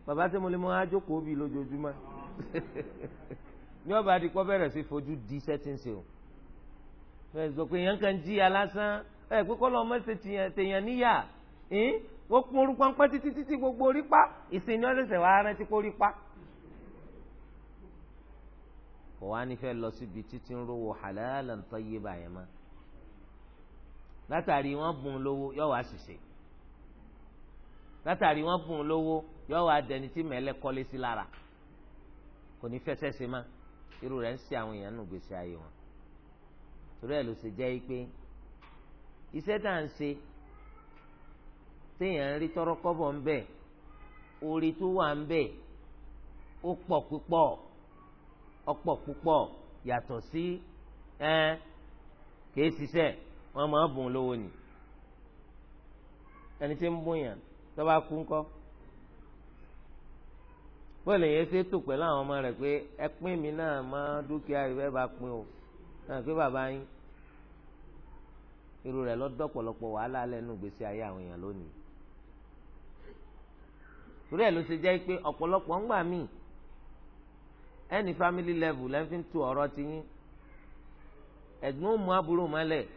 bàbá tí mo lè mọ àjókòó bíi lójoojúmọ́ ní ọba àdìpọ̀ bẹ̀rẹ̀ sí fojú di sẹ́tíǹsì o bẹ́ẹ̀ sọ pé èèyàn kan jí alásán ẹ̀ pé kọ́ lọ́ọ́ mọ́ ṣe tèèyàn níyà wọ́n kún orúkọ ńpẹ́ títí títí gbogbo orí pa ìsìn ni wọ́n ṣẹ̀ṣẹ̀ wá rántí kó rí pa. kò wá ní fẹ́ lọ síbi títí ń rówó halalan tayyiba yẹn mọ́ látàrí wọ́n bùn lówó yóò wá ṣìṣe látàrí wọ́n bùn lówó yóò wá dẹni tí mẹ́lẹ́ kọ́lé sí lára kò ní fẹsẹ̀ ṣe mọ́ irú rẹ̀ ń ṣe àwọn èèyàn nù gbèsè ayé wọn torí ẹ̀ ló ṣe jẹ́ pé iṣẹ́ tá à ń ṣe téèyàn ń rí tọrọ kọ́bọ̀ ń bẹ orí tó wà ń bẹ ó pọ̀ púpọ̀ ọ̀pọ̀ púpọ̀ yàtọ̀ sí ẹ kìí ṣiṣẹ́ wọn máa bùn lówó ni ẹni tí ń bùnyàn tó bá kú ńkọ́ bọ́ọ̀lù yẹn ṣe tó pẹ̀lú àwọn ọmọ rẹ̀ pé ẹ pín mi náà máa dúkìá ìfẹ́ bá pín o náà pé bàbá yín irú rẹ̀ lọ́dọ̀ pọ̀lọpọ̀ wàhálà lẹ́nu ìgbésí ayé àwọn èèyàn lónìí torí ẹ̀ ló ṣe jẹ́ pé ọ̀pọ̀lọpọ̀ ń gbà mí ẹni family level lẹ́ fi ń tu ọ̀rọ̀ ti yín ẹ̀gbọ́n mu mọ́lẹ̀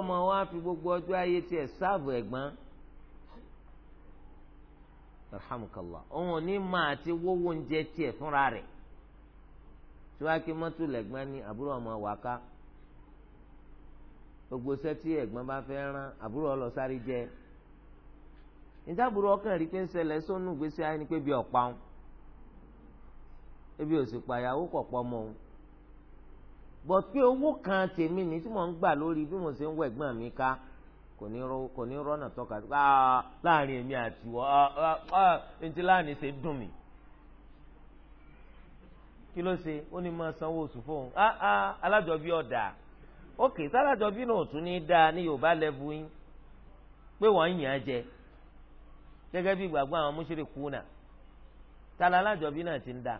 ọmọ fi gbogbo ọjọ́ ayé tiẹ̀ sáàbù ẹ̀gbọ́n alhamdulilah òun ò ní ti wówó oúnjẹ tiẹ̀ fúnra rẹ̀ tí wàá kí mọ́tò lẹ́gbọ́n ní àbúrò ọmọ wà ká gbogbo sẹ́tì ẹ̀gbọ́n bá fẹ́ jẹ́ ìjábùrú ọkàn rí pé ń ṣẹlẹ̀ sónú gbèsè ayé ni pé bí ọ̀pá ń ebi òsì pàyàwó kọ̀pọ̀ mọ́ ń bọ̀ pé owó kan tèmi ní tí mò ń gbà lórí bí mo ṣe ń wọ ẹ̀gbọ́n mi ká kò ní rọ́nà tọ́ka láàrin èmi àti wọ́ ntí láàrin ṣe dùn mí kí ló ṣe ó ní máa sanwó oṣù fóun alájọbí ọ̀dà ókè sálájọbí náà tún ní dáa ní Yorùbá lẹ́bù yín pé wọ́n ń yàn án jẹ. gẹ́gẹ́ bí gbàgbọ́ àwọn mushrikuna tala alájọbí náà ti ń da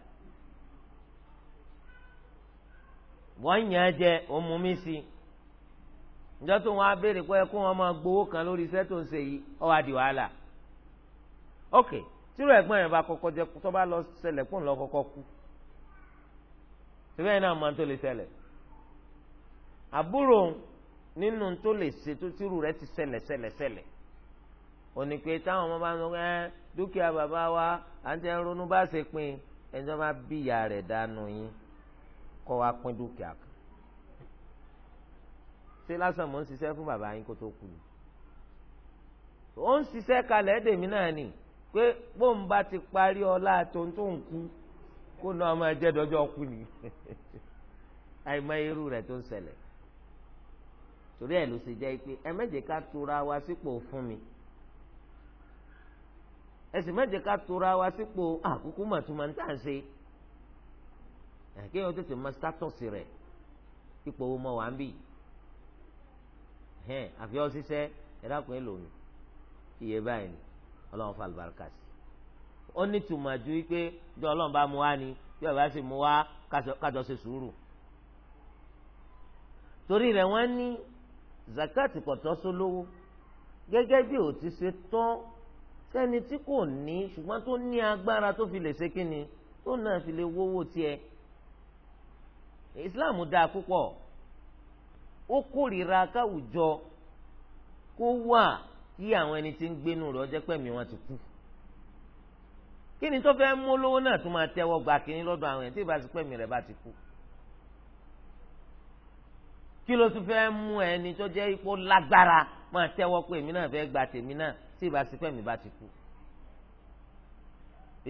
wọ́n yàn án jẹ òmùmí sí i njẹ́ tó wọn á béèrè pé kó wọn máa gbowó kan lórí iṣẹ́ tó ń ṣe yìí ó wá di wàhálà ok tírò ẹ̀gbọ́n yẹn bá kọ́kọ́ jẹ tó bá lọ ṣẹlẹ̀ kó ń lọ kọ́kọ́ kú síbẹ̀ náà máa tó lè àbúrò nínú tó lè ṣe ti òní pé táwọn ọmọ bá ń sọ ẹ dúkìá bàbá wa à ń tẹ ń ronú bá ṣe pin ẹni tó bá bí ìyá rẹ̀ dànù yín kọ́ wa pín dúkìá kan ṣé lásán mò ń ṣiṣẹ́ fún bàbá yín kó tó kú ni ó ń ṣiṣẹ́ kalẹ̀ ẹ̀dẹ̀mí náà nì pé bóńbà ti parí ọlá tóńtóń kú kó náà máa jẹ́ dọ́jọ́ kú ni àìmọ irú rẹ̀ tó ń ṣẹlẹ̀ torí ẹ̀ ló ṣe jẹ́ pé ẹ mẹ́jẹ̀ ká tura wa sípò fún mi ẹsìn mẹ́jẹ ká tora wa sípò àkókò mà tó máa ń tà ń ṣe kéèyàn tètè máa sátọ̀sì rẹ̀ ipò owó mọ̀ wá ń bì àfi ọ́ ṣiṣẹ́ ẹ̀dákùn ẹ̀ lòun iye báyìí ni ọlọ́run fa àlùbáríkà sí ó ní tùmọ̀ ju wípé bí ọlọ́run bá mu wá ni bí ọba sì mu wá kájọ ṣe sùúrù torí rẹ̀ wọ́n ní zakati kọ̀tọ́ sólówó gẹ́gẹ́ bí ó ṣe tán sẹ́ni tí kò ní ṣùgbọ́n tó ní agbára tó fi lè ṣe kí ni tó náà fi lè wówó tiẹ̀ islam dáa púpọ̀ ó kórìíra káwùjọ kó wà kí àwọn ẹni tí ń gbénu rẹ̀ ọjọ́ pẹ̀mí wọn ti kú kí ni tó fẹ́ mú lówó náà tó máa tẹ́wọ́ gba kínní lọ́dọ̀ àwọn ẹni tí ìbá ti pẹ̀mí rẹ̀ bá ti kú kí ló tún fẹ́ mú ẹni tó jẹ́ ipò lágbára máa tẹ́wọ́ pé èmi náà fẹ́ gba tèmi náà tí ìbá sí pẹ̀mí bá ti kú.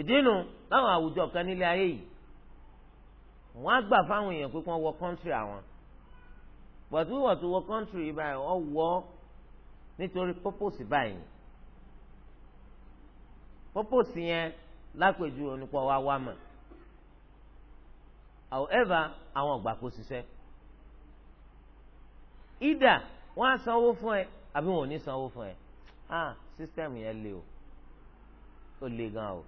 ìdínú láwọn àwùjọ kan nílé ayé yìí wọ́n á gbà fáwọn èèyàn pé kí wọ́n wọ kọ́ńtírì àwọn bọ̀dú wọ̀ tó wọ kọ́ńtírì báyìí wọ́n wọ́ nítorí pọ́pọ́sì báyìí pọ́pọ́sì yẹn lápèjú onípọ̀ wa wá mọ̀ however àwọn ọ̀gbà kò ṣiṣẹ́ ìdá wọ́n á sanwó fún ẹ àbí wọn ò ní sanwó fún ẹ ah system yẹn le o ó le gan o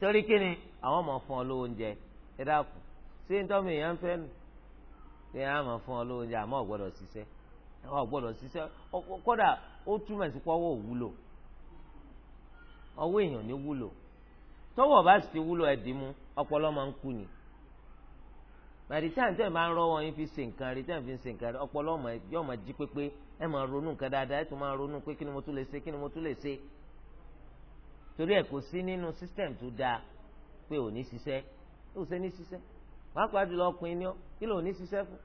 torí kíni àwọn ọmọ fún ọ lówó oúnjẹ ẹ dákun ṣé ń tọ́mọ èèyàn ń fẹ́ nù ṣé àwọn ọmọ fún ọ lówó oúnjẹ àmọ́ ọ̀gbọ́dọ̀ ṣiṣẹ́ àwọn ọ̀gbọ́dọ̀ ṣiṣẹ́ kódà ó túmọ̀ sí pọ́wọ́ òwúlò ọwọ́ èèyàn ní wúlò tọ́wọ́ bá sì ti wúlò ẹ̀dín mú ọpọlọ máa ń kú ni by the time tẹ́ ẹ̀ máa ń rọ́wọ́ yín fi ṣe nǹkan rí tẹ́ ẹ̀ fi ṣe nǹkan rí ọpọlọ yóò máa jí pépé ẹ máa ronú nǹkan dáadáa ẹ tún máa ronú pé kí ni mo tún lè ṣe kí ni mo tún lè ṣe torí ẹ kò sí nínú system tó dáa pé ò ní ṣiṣẹ́ ó ṣe ní ṣiṣẹ́ wàá pàdé lọ ọkùnrin ni ọ kí ló ní ṣiṣẹ́ fún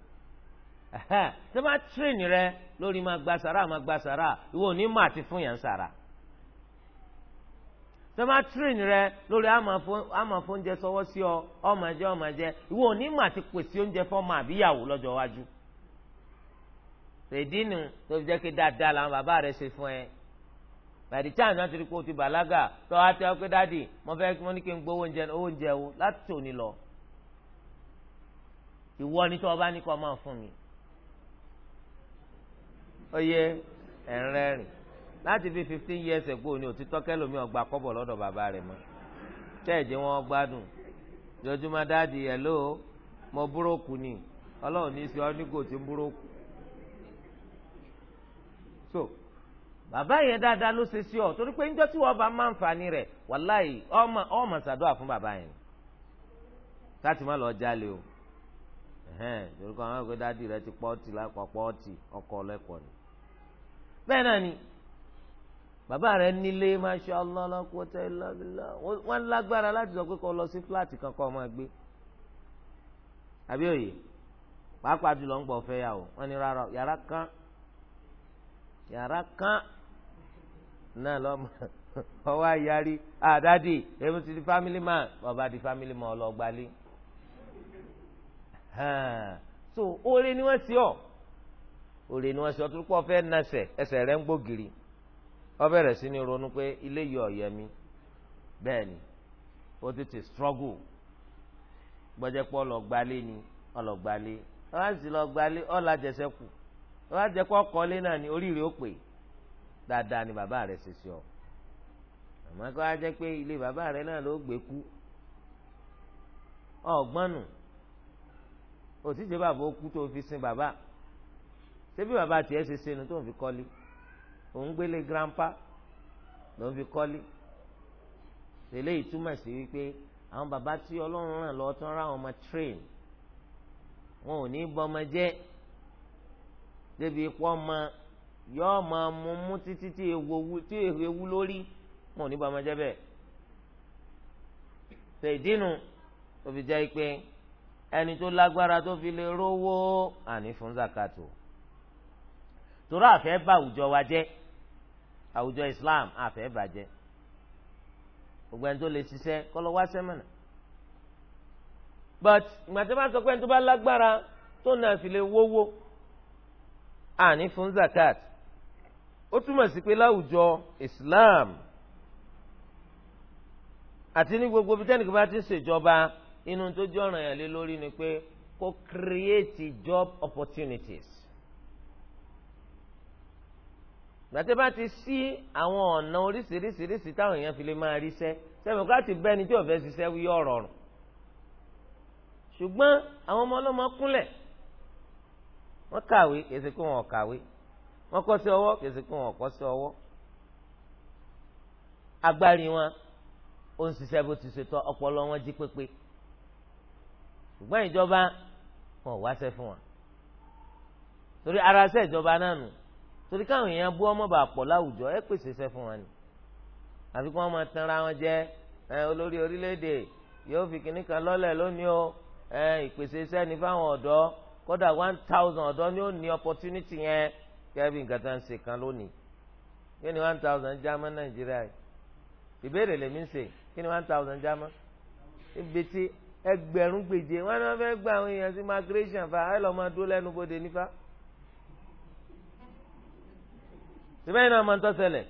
ṣé máa tírìnì rẹ lórí máa gba sàrà máa gba sàrà ìwọ ò ní mà ti fún yàn sàrà ṣé máa tírìnì rẹ lórí àmà oúnjẹ sọwọ́ sí ọ ọmọ jẹ ọmọ jẹ ìwọ ò ní mà ti pèsè oúnjẹ fọmọ àbíyàwó lọ́jọ́ iwájú. rèdínù tó fi jẹ́ kí dáadáa làwọn bàbá rẹ̀ ṣe fún ẹ bàdí táwọn náà ti rí pé o ti bàlágà tó wá tẹ́ ọ pé dáàdì mo fẹ́ kí wọ́n ní kí n gbowó oúnjẹ owó oúnjẹ wo láti tòní lọ ìwọ ni tí wọ́n bá ní kọ́ máa fún mi ó yẹ ẹ̀rẹ́rìn láti fi fifteen years ago ni òtítọ́ kẹlòmí ọgbà kọ́bọ̀ lọ́dọ̀ bàbá rẹ̀ mọ́ tẹ́ẹ̀jẹ́ wọn gbádùn jọjúmọ́ dáàdì hello mo búrókù ni ọlọ́run ní í sọ ọ́ nígò tí ń búrókù so bàbá yẹn dáadáa ló ṣe sí ọ torí pé níjọ́ tí wọ́n bá máa ń fani rẹ̀ wàláyé ọmọ ọmọ ṣàdúrà fún bàbá yẹn káàtì má lọ jalè o torí kan àwọn ìgbédáàdì rẹ ti pọ́ọ̀tì lápá pọ́ọ̀tì ọkọ̀ ọlẹ́kọ̀ọ́ ni bẹ́ẹ̀ náà ni bàbá rẹ nílé masha allah la quwwata wọ́n lágbára láti sọ pé kó lọ sí fúláàtì kan kó máa gbé àbí òye pàápàá jùlọ ń gbọ́ wọ́n rárá yàrá yàrá kan náà lọ́mọ ọwọ́ ayarí àdáde èmi ti di family man bàbá di family man ọlọ́gbalé so oore ni wọ́n ti ọ̀ oore ni wọ́n ti ọ̀ tó kọ́ fẹ́ nasẹ̀ ẹsẹ̀ rẹ̀ ń gbógiri ó bẹ̀rẹ̀ sí ni ronú pé ilé yọ ọ̀yẹ́ mi bẹ́ẹ̀ ni ó ti ti struggle gbọ́jẹ́pọ̀ ọlọ́gbalé ni ọlọ́gbalé ọ̀hán sì lọ́gbalé ọ̀làjẹsẹ̀ kù wọ́n á jẹ́ kó kọ́lé náà ní oríire ó pè dáadáa ni bàbá rẹ̀ ṣe sí ọ àmọ́ kó á jẹ́ pé ilé bàbá rẹ̀ náà ló gbé kú ọ̀gbọ́nù òtíjẹ́ bàbá ó kú tó fi sin bàbá ṣébí bàbá tiẹ̀ ṣe sinu tó ń fi kọ́lé òun gbélé grandpa ló ń fi kọ́lé tẹ́lẹ̀ ìtumọ̀ sí wípé àwọn bàbá tí ọlọ́run ràn lọ́ọ́ tán ra àwọn ọmọ train wọn ò ní bọ́ ọmọ jẹ́ débi ikú ọmọ yọọ máa mú mú títí tí èwe wú lórí wọn ò ní bàmọ́ jẹ́ bẹ́ẹ̀. tẹ̀dínú tó fi jẹ́ pé ẹni tó lágbára tó fi lè rówó àní fún zakato torí àfẹ́ bá àwùjọ wa jẹ́ àwùjọ Islam àfẹ́ bàjẹ́ gbogbo ẹni tó lè ṣiṣẹ́ kọ́ lọ wá sẹ́mọ̀nà but ìgbà tí wọ́n sọ pé ẹni tó bá lágbára tó náà fi lè wówó àní fún zakat ó túmọ̀ sí pé láwùjọ Islam àti ní gbogbo bí tẹ́nìkan bá ti ń ṣèjọba inú tó jẹ́ ọ̀ràn yàn lé lórí ni pé kó create job opportunities. gbàtẹ́ bá ti sí àwọn ọ̀nà oríṣiríṣiríṣi táwọn èèyàn fi lè máa ríṣẹ́ sẹ́mi ká ti bẹ́ni tí ò fẹ́ ṣiṣẹ́ wí ọ̀rọ̀ ṣùgbọ́n àwọn ọmọ ọlọ́mọ kúnlẹ̀ wọ́n kàwé kèsì kó wọn kàwé wọ́n kọ́ sí ọwọ́ kèsì kó wọn kọ́ sí ọwọ́ agbárí wọn ó ń ṣiṣẹ́ bó ti ṣe tọ́ ọpọlọ wọn jí pépé ṣùgbọ́n ìjọba wọn ò wáṣẹ́ fún wọn torí ara ṣe ìjọba náà nù torí káwọn èèyàn bú ọmọ bá pọ̀ láwùjọ ẹ pèsè iṣẹ́ fún wọn ni àfi kí wọ́n máa tanra wọn jẹ olórí orílẹ̀-èdè yóò fi kìnnìkan lọ́lẹ̀ lónìí o ìpèsè iṣẹ́ ní fáwọn ọ̀dọ́ kódà one thousand ọ̀dọ́ ni ó ní opportunity yẹn kẹ́bí nǹkan tá à ń ṣe kan lónìí kí ni one thousand jámọ́ nàìjíríà yìí ìbéèrè lèmi ń ṣe kí ni one thousand jámọ́ ibi tí ẹgbẹ̀rún gbèje wọn ni wọ́n fẹ́ gba àwọn èèyàn sí migration fa ẹ lọ́ọ́ máa dúró lẹ́nu bóde nífa. síbẹ̀ náà máa ń tọ́sẹ̀lẹ̀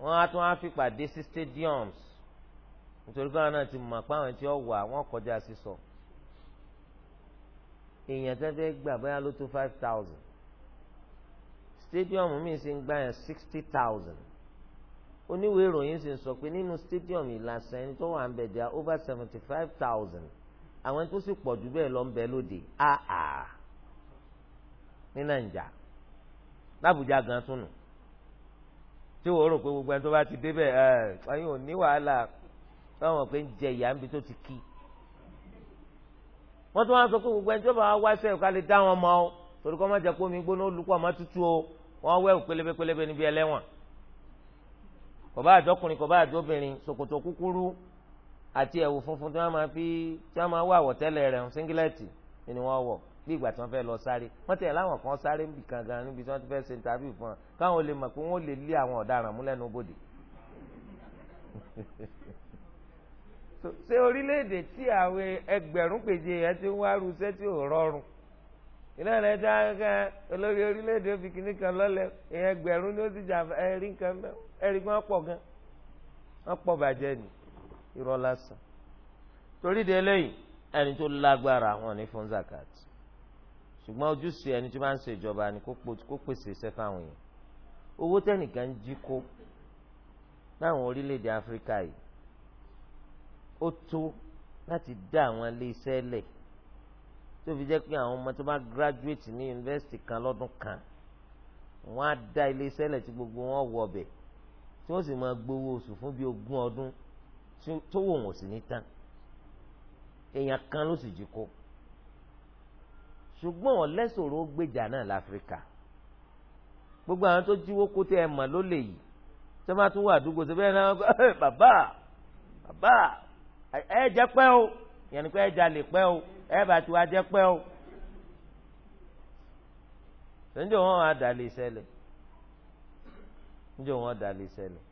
wọ́n á tún á fi pàdé sí stadiums nítorí káwọn náà ti mọ̀ pé àwọn tí ó wà wọ́n kọjá sísọ. So èèyàn tẹ́ fẹ́ gbà bóyá ló tó five thousand stadium mi sì ń gbà yẹn sixty thousand oníwèé ìròyìn sì ń sọ pé nínú stadium ìlàsàn ẹni tó wà ń bẹ̀ dé over seventy five thousand àwọn tó sì pọ̀ jù bẹ́ẹ̀ lọ ń bẹ lóde áà ní nàìjà lábùjá gan tún nù tí wọ́n rò pé gbogbo ẹni tó bá ti débẹ̀ ẹ̀ ẹ̀yin ò ní wàhálà báwọn pé ń jẹ ìyá níbi tó ti kí i wọ́n tún wá sọ pé gbogbo ẹni tó bá wá wáṣẹ́ ìka lè dá wọn mọ́ ọ torí kọ́ má jẹ́ kó omi gbóná olùkọ́ ọmọ tútù o wọ́n wẹ́ òpélébé pélébé níbi ẹlẹ́wọ̀n kò bá àjọkùnrin kò bá àjọbìnrin ṣòkòtò kúkúrú àti ẹ̀wù funfun tí wọ́n máa fi tí wọ́n máa wọ àwọ̀tẹ́lẹ̀ rẹ̀ síngílẹ̀tì ni wọ́n wọ̀ bí ìgbà tí wọ́n fẹ́ lọ sáré wọ́n tẹ̀ láwọn kan sáré níbi ṣé orílẹ̀-èdè tí àwọn ẹgbẹ̀rún pèjè yẹn ti ń wá rúṣẹ́ tí ò rọrùn iná rẹ̀ dá kan olórí orílẹ̀-èdè fi kíní kan lọ́lẹ̀ èèyàn ẹgbẹ̀rún ni ó ti jà ẹ̀rí nǹkan ẹ̀rí kan pọ̀ gan wọ́n pọ̀ bàjẹ́ ni irọ́ lásán torí de eléyìí ẹni tó lágbára wọn ní fún zakat ṣùgbọ́n ojúṣe ẹni tó bá ń ṣe ìjọba ni kó pèsè iṣẹ́ fáwọn èèyàn owó tẹ́nìkan jí kó láwọn orílẹ̀-èdè Áfíríkà yìí ó tó láti dá àwọn iléeṣẹ́ lẹ̀ tó fi jẹ́ pé àwọn ọmọ tó bá gíráduwétì ní yunifásitì kan lọ́dún kan wọ́n á dá iléeṣẹ́ lẹ̀ tí gbogbo wọn wọ ọbẹ̀ tí wọ́n sì máa gbowó oṣù fún bíi ogún ọdún tó wò wọ́n sì ní tán èèyàn kan ló sì jí kó ṣùgbọ́n ọ̀lẹ́sọ̀rọ̀ gbèjà náà láfíríkà gbogbo àwọn tó jíwó kó tẹ ẹ mọ̀ ló lè yìí tó bá tún wà àdúgbò tó bẹ́ẹ̀ náà bàbá bàbá ẹ jẹ pẹ́ o yẹnni pé ẹ jalè pẹ́ o ẹ bá tiwa jẹ pẹ́ o níjọ wọn wà dalè ṣẹlẹ̀ níjọ wọn dalè ṣẹlẹ̀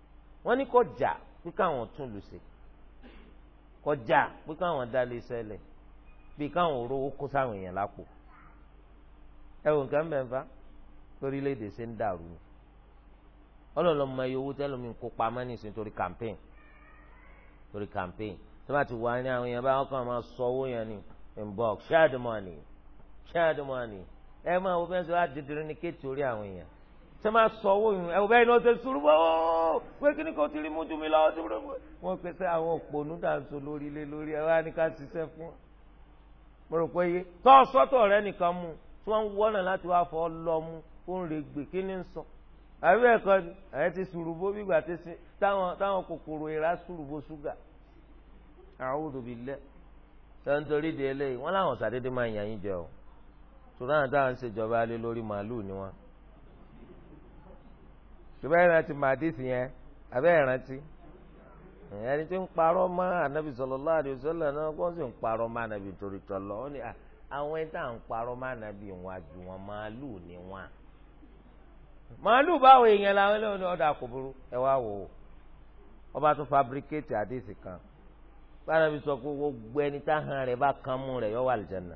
wọn ní kọjá pé káwọn tún lù sí kọjá pé káwọn dalè ṣẹlẹ̀ bí káwọn rówó kó sáwọn èèyàn lápò ẹ wò nǹkan bẹ́ẹ̀ fa lórílẹ̀‐èdè ṣe ń dàrú ni ọlọ́lọ́mọ iye owó tẹ́lómi kó pamọ́ nísìnyí torí campaign torí campaign tó bá ti wà ní àwọn yẹn báwọn kan máa sọ owó yẹn ní inbox shared money shared money ẹ máa wo bẹ́ẹ̀ sọ àdìdìrín ní kéètì orí àwọn yẹn tẹ máa sọ owó ẹ wò bẹ́ẹ̀ ni wọ́n ṣe sùúrù bọ́ ọ́ pé kí ni kò tí ì mú ju mi lọ́wọ́ tó bọ́ wọ́n pèsè àwọn òpònú dànso lórí ilé lórí ẹ wá ní ká ṣiṣẹ́ fún mo rò pé yé tọ́ sọ́tọ̀ rẹ nìkan mú tí wọ́n ń wọ́nà láti wá fọ́ lọ mú ó ń re gbè kí ni ń sọ àbí ẹ̀kọ́ ẹ̀ ti sùúrù bó bí ìgbà táwọn kòkòrò ìrà sùúrù ṣúgà a'udhu billah tẹ́ńtorí di eléyìí wọ́n láwọn sàdédé máa yàn yín jẹ o tòun náà táwọn ń lé lórí màálù ni wọn. ṣùgbọ́n ìrántí màdìsí yẹn abẹ́ ìrántí ẹni tí ń parọ́ mọ́ anabi sallallahu alaihi wasallam náà wọ́n sì ń parọ́ mọ́ anabi torí tọ́lọ́ ó ní àwọn ẹni ń parọ́ mọ́ anabi wọn àjù wọn màálù ni wọn. màálù báwo èèyàn làwọn ọba tún fabricate kan. bára bí sọ pé gbogbo ẹni tá hàn rẹ̀ bá kan mú rẹ̀ yọ wà lìjànà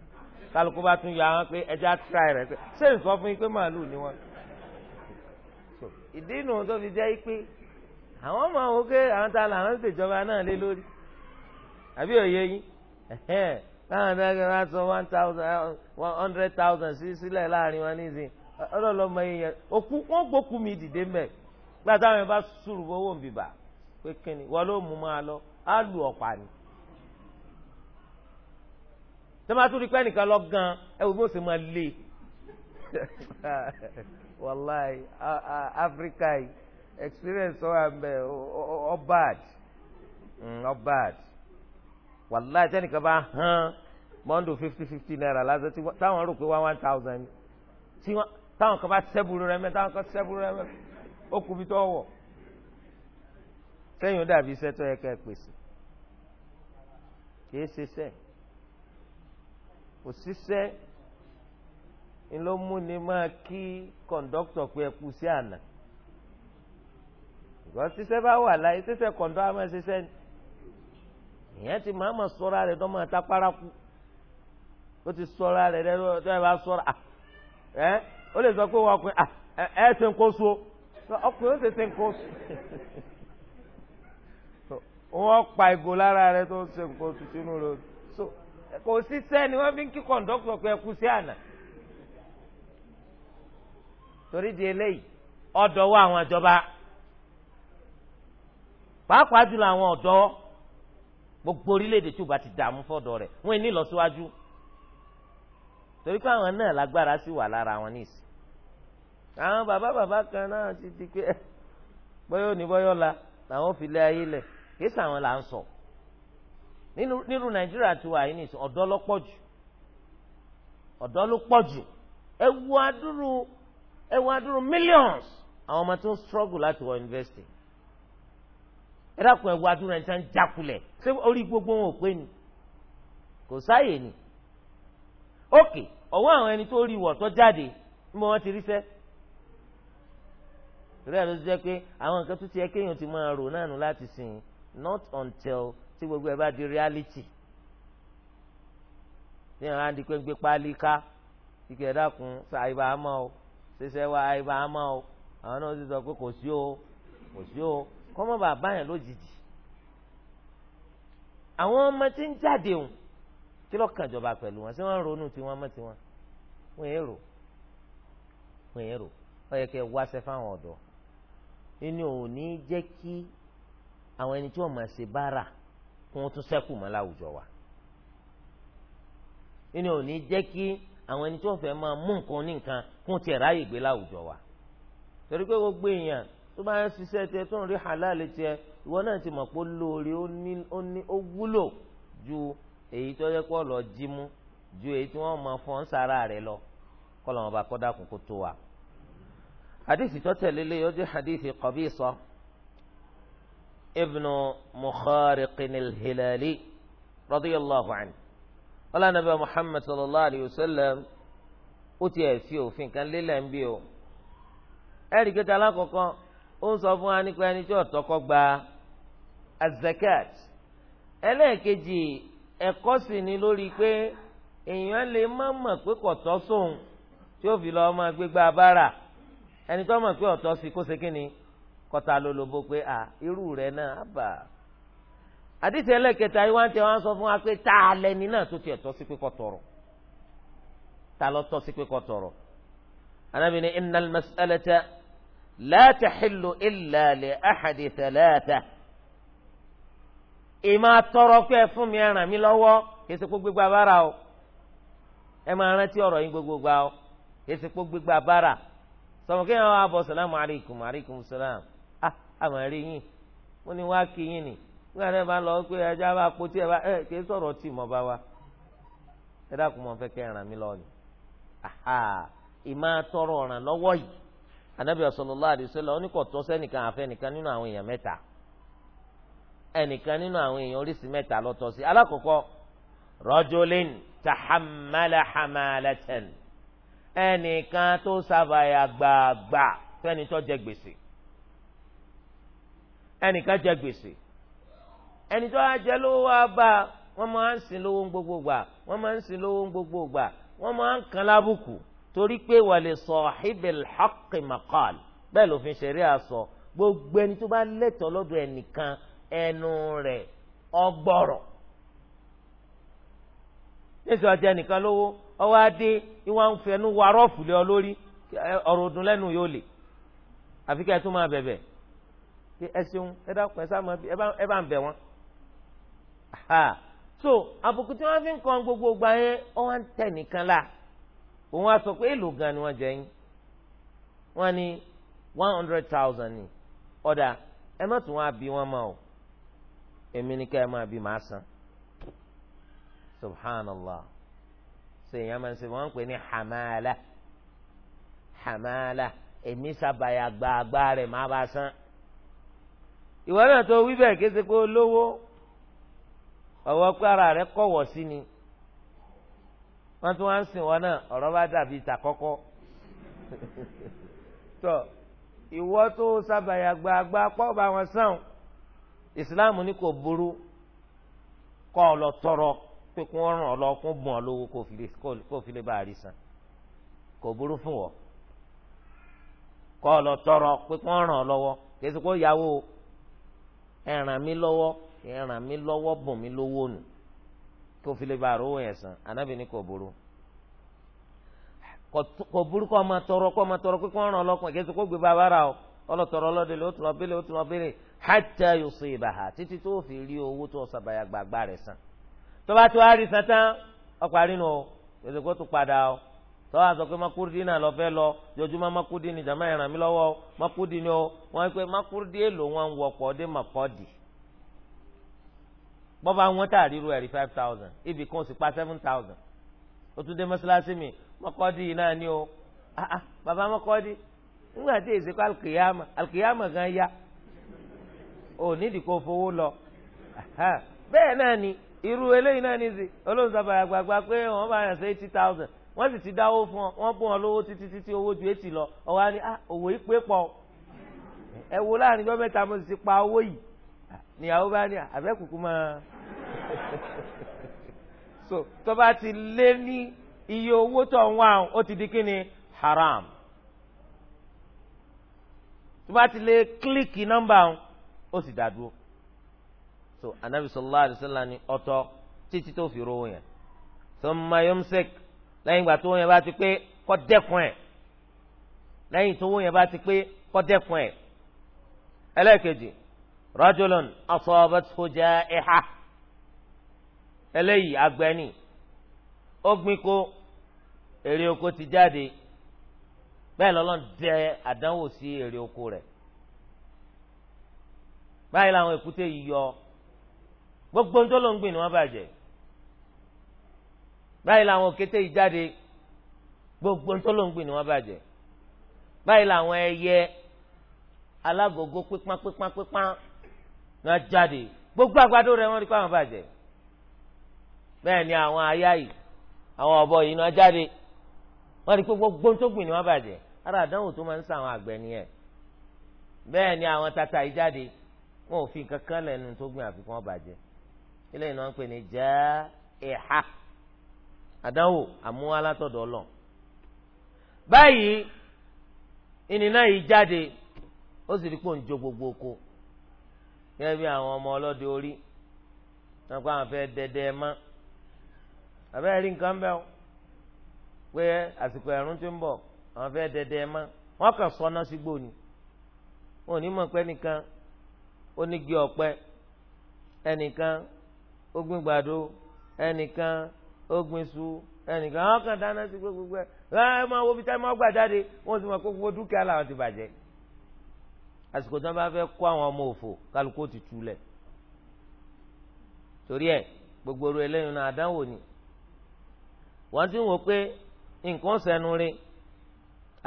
kálukú bá tún yọ àwọn pé ẹja tíra rẹ̀ pé ṣé n sọ fún yín pé màálù ni wọn. ìdí inú tó fi jẹ́ pé àwọn ọmọ àwọn oké àwọn tá a làwọn ń ṣèjọba náà lé lórí àbí òye yín táwọn ẹgbẹ́ wa sọ one thousand one hundred thousand sí sílẹ̀ láàrin wọn nísìn ọlọ́lọ́mọ yẹn yẹn òkú wọn gbókù mi dìde mbẹ gbàtà wọn bá sùrù owó ń pé kíni wọn ló mú máa lọ á lu ọ̀pá ni tẹ́lẹ̀ tó rí pé ẹnìkan lọ gan ẹ wò bó ṣe máa lé wàláì áfíríkà yìí experience ọ̀hún abẹ ọ̀bàd ọ̀bàd mm, wàláì tẹ́nìkan bá hàn mọ́ndò fifty fifty naira lásán táwọn rò pé one one thousand tí wọ́n táwọn kan bá sẹ́bùrú rẹ mẹ́ táwọn kan sẹ́bùrú rẹ mẹ́ ó kú bí tọ́wọ̀ sẹ́yìn ó dàbí iṣẹ́ tó yẹ ká ẹ pèsè kì í ṣe sẹ́yìn kò síṣẹ́ ńlọ mú ni máa kí kọ̀ǹdọ́tọ̀ pé ẹkú sí àná ìgbà síṣẹ́ bá wà láyé síṣẹ́ kọ̀ǹdọ́ àmọ́ síṣẹ́ ni ìyẹn ti máa ma sọ́ra rẹ̀ tó máa ta paraku ó ti sọ́ra rẹ̀ rẹ̀ tó ẹ bá sọ́ra à ah, ẹ́ ó lè sọ pé wọ́n ọkùnrin à ah, ẹ ṣe ń kó so ọkùnrin ó ṣe ṣe ń kó so wọ́n pa ìgò lára rẹ̀ tó ṣe ń kó so sínú rẹ̀ o kò sí sẹ́ni wọ́n fi ń kí kọ̀ǹdọ́tọ̀ pé ẹkú sí àná torí di eléyìí ọ̀dọ̀ wọ àwọn ìjọba pàápàá jùlọ àwọn ọ̀dọ́ gbogbo orílẹ̀-èdè tí o bá ti dààmú fọ́dọ̀ rẹ̀ wọ́n ní ìlọsíwájú torí pé àwọn náà lágbára sí wà lára wọn ní àwọn bàbá bàbá kan náà ti di pé bọ́yọ̀ ní bọ́yọ̀ la làwọn fi lé ayé lẹ̀ kí sàwọn là ń sọ nínú nàìjíríà ti wà yìí ní ọ̀dọ́ ló pọ̀ jù ọ̀dọ́ ló pọ̀ jù ẹ wo adúrú ẹ adúrú millions àwọn ọmọ tó ń struggle láti wọ university ẹ dákun ẹ wo adúrú ẹni tí wọ́n ń jákulẹ̀ ṣé orí gbogbo wọn ò pé ni kò sáàyè ni ókè ọwọ́ àwọn ẹni tó rí wọ̀ tó jáde níbo wọ́n ti rí sẹ́ rẹ́ẹ̀ ló ti jẹ́ pé àwọn nǹkan tó ti yẹ kéèyàn ti máa rò náà nù láti sìn not until tí gbogbo ẹ bá di reality ní àwọn àǹdí pé ń gbé páálí ká ike ẹ̀dá kun ṣàìbá àmọ́ o ṣẹṣẹ wa àìbá àmọ́ o àwọn náà ti sọ pé kò sí o kò sí o kọ́mọ́ bàbá yẹn lójijì àwọn ọmọ tí ń jáde òun kí ló kàn jọba pẹ̀lú wọn ṣé wọ́n ń ronú tiwọn mọ́ tiwọn wọ́n yẹn rò wọ́n yẹn rò ó yẹ kẹ́ ẹ fáwọn ọ̀dọ́ inú ò jẹ́ kí àwọn ẹni tí wọ́n máa ṣe bára kún tún sẹ́kù mọ́ láwùjọ wa nínú òní jẹ́ kí àwọn ẹni tí wọ́n fẹ́ máa mú nǹkan ní nǹkan kún tiẹ̀ ráàyè gbé láwùjọ wa torí pé gbogbo èèyàn tó bá ń ṣiṣẹ́ tiẹ̀ tó ń rí halal tiẹ̀ ìwọ náà ti mọ̀ pé lóore ó wúlò ju èyí tó yẹ kó lọ jí mú ju èyí tí wọ́n máa fọ́n sára rẹ̀ lọ kọ́ làwọn bá kọ́ dákun kó tó wa. hadith tó tẹ̀lé lé yọjú hadith Qabisa ibnu mukhariqin al-hilali radiyallahu anhu wọ́n lánàá bá muhammad sallallahu alayhi wa sallam ó ti ẹ̀ fi òfin kan lélẹ̀ ń bí o ẹ̀rí kẹta alákọ̀ọ́kọ́ ó ń sọ fún wa nípa ẹni tí ọ̀tọ́kọ́ gba azakat ẹlẹ́ẹ̀kejì ẹ̀kọ́ sì ni lórí pé èèyàn lè má mọ̀ pé kọ̀tọ́ sóun tí ó fi lọ́ọ́ máa gbégbá abára ẹni tó mọ̀ pé ọ̀tọ́ sí kó ṣe kí ni kọta lólobó pé à irú rẹ náà á bà á àdìsí ẹlẹ́kẹta yìí wá ń tẹ wá ń sọ fún wa pé tá a lẹni náà tó tiẹ̀ tọ́ sí pé kọ́ tọrọ tá a lọ tọ́ sí pé kọ́ tọrọ anábì ni innal mas'alata la tahillu illa li ahadi thalatha ìmọ̀ tọrọ pé ẹ fún mi ẹ ràn mí lọ́wọ́ kó gbégbá bára o ẹ máa rántí ọ̀rọ̀ yín gbogbo gbà o kì kó gbégbá bára sọ̀rọ̀ kí ẹ bọ̀ sàlámù alaykum alaykum sàlámù. àmọ́ rí yín wọ́n ní wá kí yín ni wọ́n àná máa lọ pé ẹja bá poti ẹ bá ẹ kì í sọ̀rọ̀ wa ẹ dákun mọ́ fẹ́ kẹ́ ẹ̀ràn mi lọ́ọ̀ni ìmọ̀ tọrọ ọ̀ràn lọ́wọ́ yìí anabi sallallahu alaihi wasallam ó ní kò nínú àwọn èèyàn mẹ́ta ẹnìkan nínú àwọn èèyàn oríṣi mẹ́ta ẹnìkan jẹ gbèsè ẹni tó wá jẹ lówó wá bá wọn máa ń sin lówó gbogbo gbà wọn máa ń sin lówó gbogbo gbà wọn máa ń kan lábùkù torí pé wàlẹ̀ sahibil haqqi maqal bẹ́ẹ̀ lófin ṣẹ̀rí àsọ gbogbo ẹni tó bá lẹ́tọ̀ọ́ lọ́dọ̀ ẹnìkan ẹnu rẹ̀ ọgbọ̀rọ̀ níṣẹ́ ọjà ẹnìkan lówó ọwọ́ adé ìwà ń fẹnu wa rọ́ọ̀fù lé ọ lórí ọ̀rọ̀ ọdún lẹ́nu yóò lè àfi kẹ́ máa bẹ̀bẹ̀ pé ẹ ṣeun ẹ dákun ẹ sáàmọ ẹ bá ń bẹ wọn. so àbùkù tí wọ́n fi ń kan gbogbo gba yẹn ọ wá ń tẹ̀ nìkan la òun á sọ pé èlò gan ni wọ́n jẹ yín wọ́n ní one hundred thousand ni ọ̀dà ẹ má tún wá bí wọ́n mọ́ o èmi ní ká ẹ máa bí màá san subhanallah ṣe èèyàn máa ń ṣe wọ́n ń pè ní hamala hamala èmi sábàyà gbàgbà rẹ̀ má bá san ìwọ náà tó wí bẹ́ẹ̀ kése pé olówó ọ̀wọ́ pé ara rẹ̀ kọ̀wọ̀ sí ni wọ́n tún wá ń sìn wọn náà ọ̀rọ̀ bá dàbí ìtàkọ́kọ́ tọ́ ìwọ tó sábàyà gbàgbà pọ̀ bá wọn sàn ìsìláàmù ni kò burú kọ́ ọ lọ tọrọ pé kí wọ́n ràn ọ lọ kún bùn ọ lówó kó fi lè bá a rí san kò burú fún wọ kọ́ ọ lọ tọrọ pé kí wọ́n ràn ọ lọ́wọ́ kí esi kó yàwó o ẹ ràn mí lọ́wọ́ ẹ ràn mí lọ́wọ́ bùn mí lówó nù kó fi lè bá àrò ní kò burú kò burú kó ọmọ tọrọ kó ọmọ tọrọ ọlọ́kùnrin kí ẹ sọ kó gbé bàbá rà ọ ọlọ́tọrọ ọlọ́dẹ̀lẹ̀ ó tọrọ ó tọrọ títí tó fi rí owó tó gbàgbà rẹ̀ sàn tó ọ a àzọ pé makurudi náà lọ́fẹ́ lọ jọjúmọ́ makurudi ni na ẹ̀ràn mi lọ́wọ́ makurudi ni ó wọ́n pe makurudi èlò wọn ń wọkọ̀ dé makọ́dì bọ́ba wọn tà ríru ẹ̀rí five thousand ibi kan sì pa seven thousand ó tún dé mọ́ṣáláṣí mi makọ́dì yìí náà ni ó ah ah bàbá nígbà tí èsì ya ò fowó lọ bẹ́ẹ̀ náà ni irú eléyìí náà ni pé wọ́n bá yàn eighty thousand wọ́n sì ti dáwó fún ọ wọ́n bọ́ wọn lówó títí títí owó ju etí lọ ọ̀wá ni ah, òwò ìpè pọ̀ ẹ wo láàrin ọjọ́ mẹ́ta mo sì ti pa owó yìí níyàwó bá ní àbẹ́kùkù ah, máa so tó bá ti lé ní iye owó tó ń wá ó ti di kí ni haram tó bá ti lé kílíkì nọ́mbà ó sì dádúró so anabi sallallahu alaihi wasallam ni ọtọ títí tó fi rówó yẹn thumma yumsik lẹ́yìn ìgbà tówó yẹn bá ti pé kó dẹ́kun ẹ̀ lẹ́yìn tówó yẹn bá ti pé kó dẹ́kun ẹ̀ ẹlẹ́ẹ̀kejì rajulun asabathu ja'iha eléyìí agbẹ́ni ó gbìn kó èrè oko ti jáde bẹ́ẹ̀ lọ́lọ́n dẹ àdánwò sí èrè oko rẹ̀ báyìí làwọn èkúté yìí yọ gbogbo ń ń gbìn ni wọ́n bàjẹ́ báyìí làwọn òkété yìí jáde gbogbo ntọ́lọ́ngbìn ni wọ́n bàjẹ́ báyìí làwọn ẹyẹ alágogo pípán pípán pípán náà jáde gbogbo àgbàdo rẹ̀ wọ́n rí pàwọn bàjẹ́ bẹ́ẹ̀ ni àwọn aya yìí àwọn ọ̀bọ yìí náà jáde wọ́n rí pé gbogbo ntọ́gbìn ni wọ́n bàjẹ́ ara àdánwò tó máa ń sàwọn àgbẹ̀ nìyẹn bẹ́ẹ̀ ni àwọn tata yìí jáde wọn ò fi nǹkan kan lẹ́nu tó gbìn àfikún ọ̀bàjẹ́ ilé ìnáwó pè ní jẹ́ ìhà. E àdánwò àmúwá látọ̀dọ̀ ọlọ́run báyìí ìnìná yìí jáde ó sì rí pò ń jó gbogbo oko gẹ́gẹ́ bí àwọn ọmọ ọlọ́dẹ orí wọn kó àwọn fẹ́ dẹdẹ ẹ mọ́ àbẹ́ rí nǹkan bẹ́ẹ̀ o pé àsìkò ẹ̀rùn ti ń bọ̀ àwọn fẹ́ dẹdẹ ẹ mọ́ wọn kàn sọná sígbó ni wọn ò ní mọ̀ pé nìkan ó ní gé ọ̀pẹ ẹnìkan ó gbìn ẹnìkan ogun iṣu ẹnìkan àwọn kan dáná sí gbogbo ẹ ẹ máa wo bí táyà máa gbà jáde wọn sì máa kó gbogbo dúkìá làwọn ti bàjẹ́ àsìkò tí wọn bá fẹ́ kó àwọn ọmọ òfò kálukó ti túlẹ̀ torí ẹ gbogbo oru ẹlẹ́yìn náà àdánwò ni wọ́n ti ń wò pé nǹkan sẹ́nu rí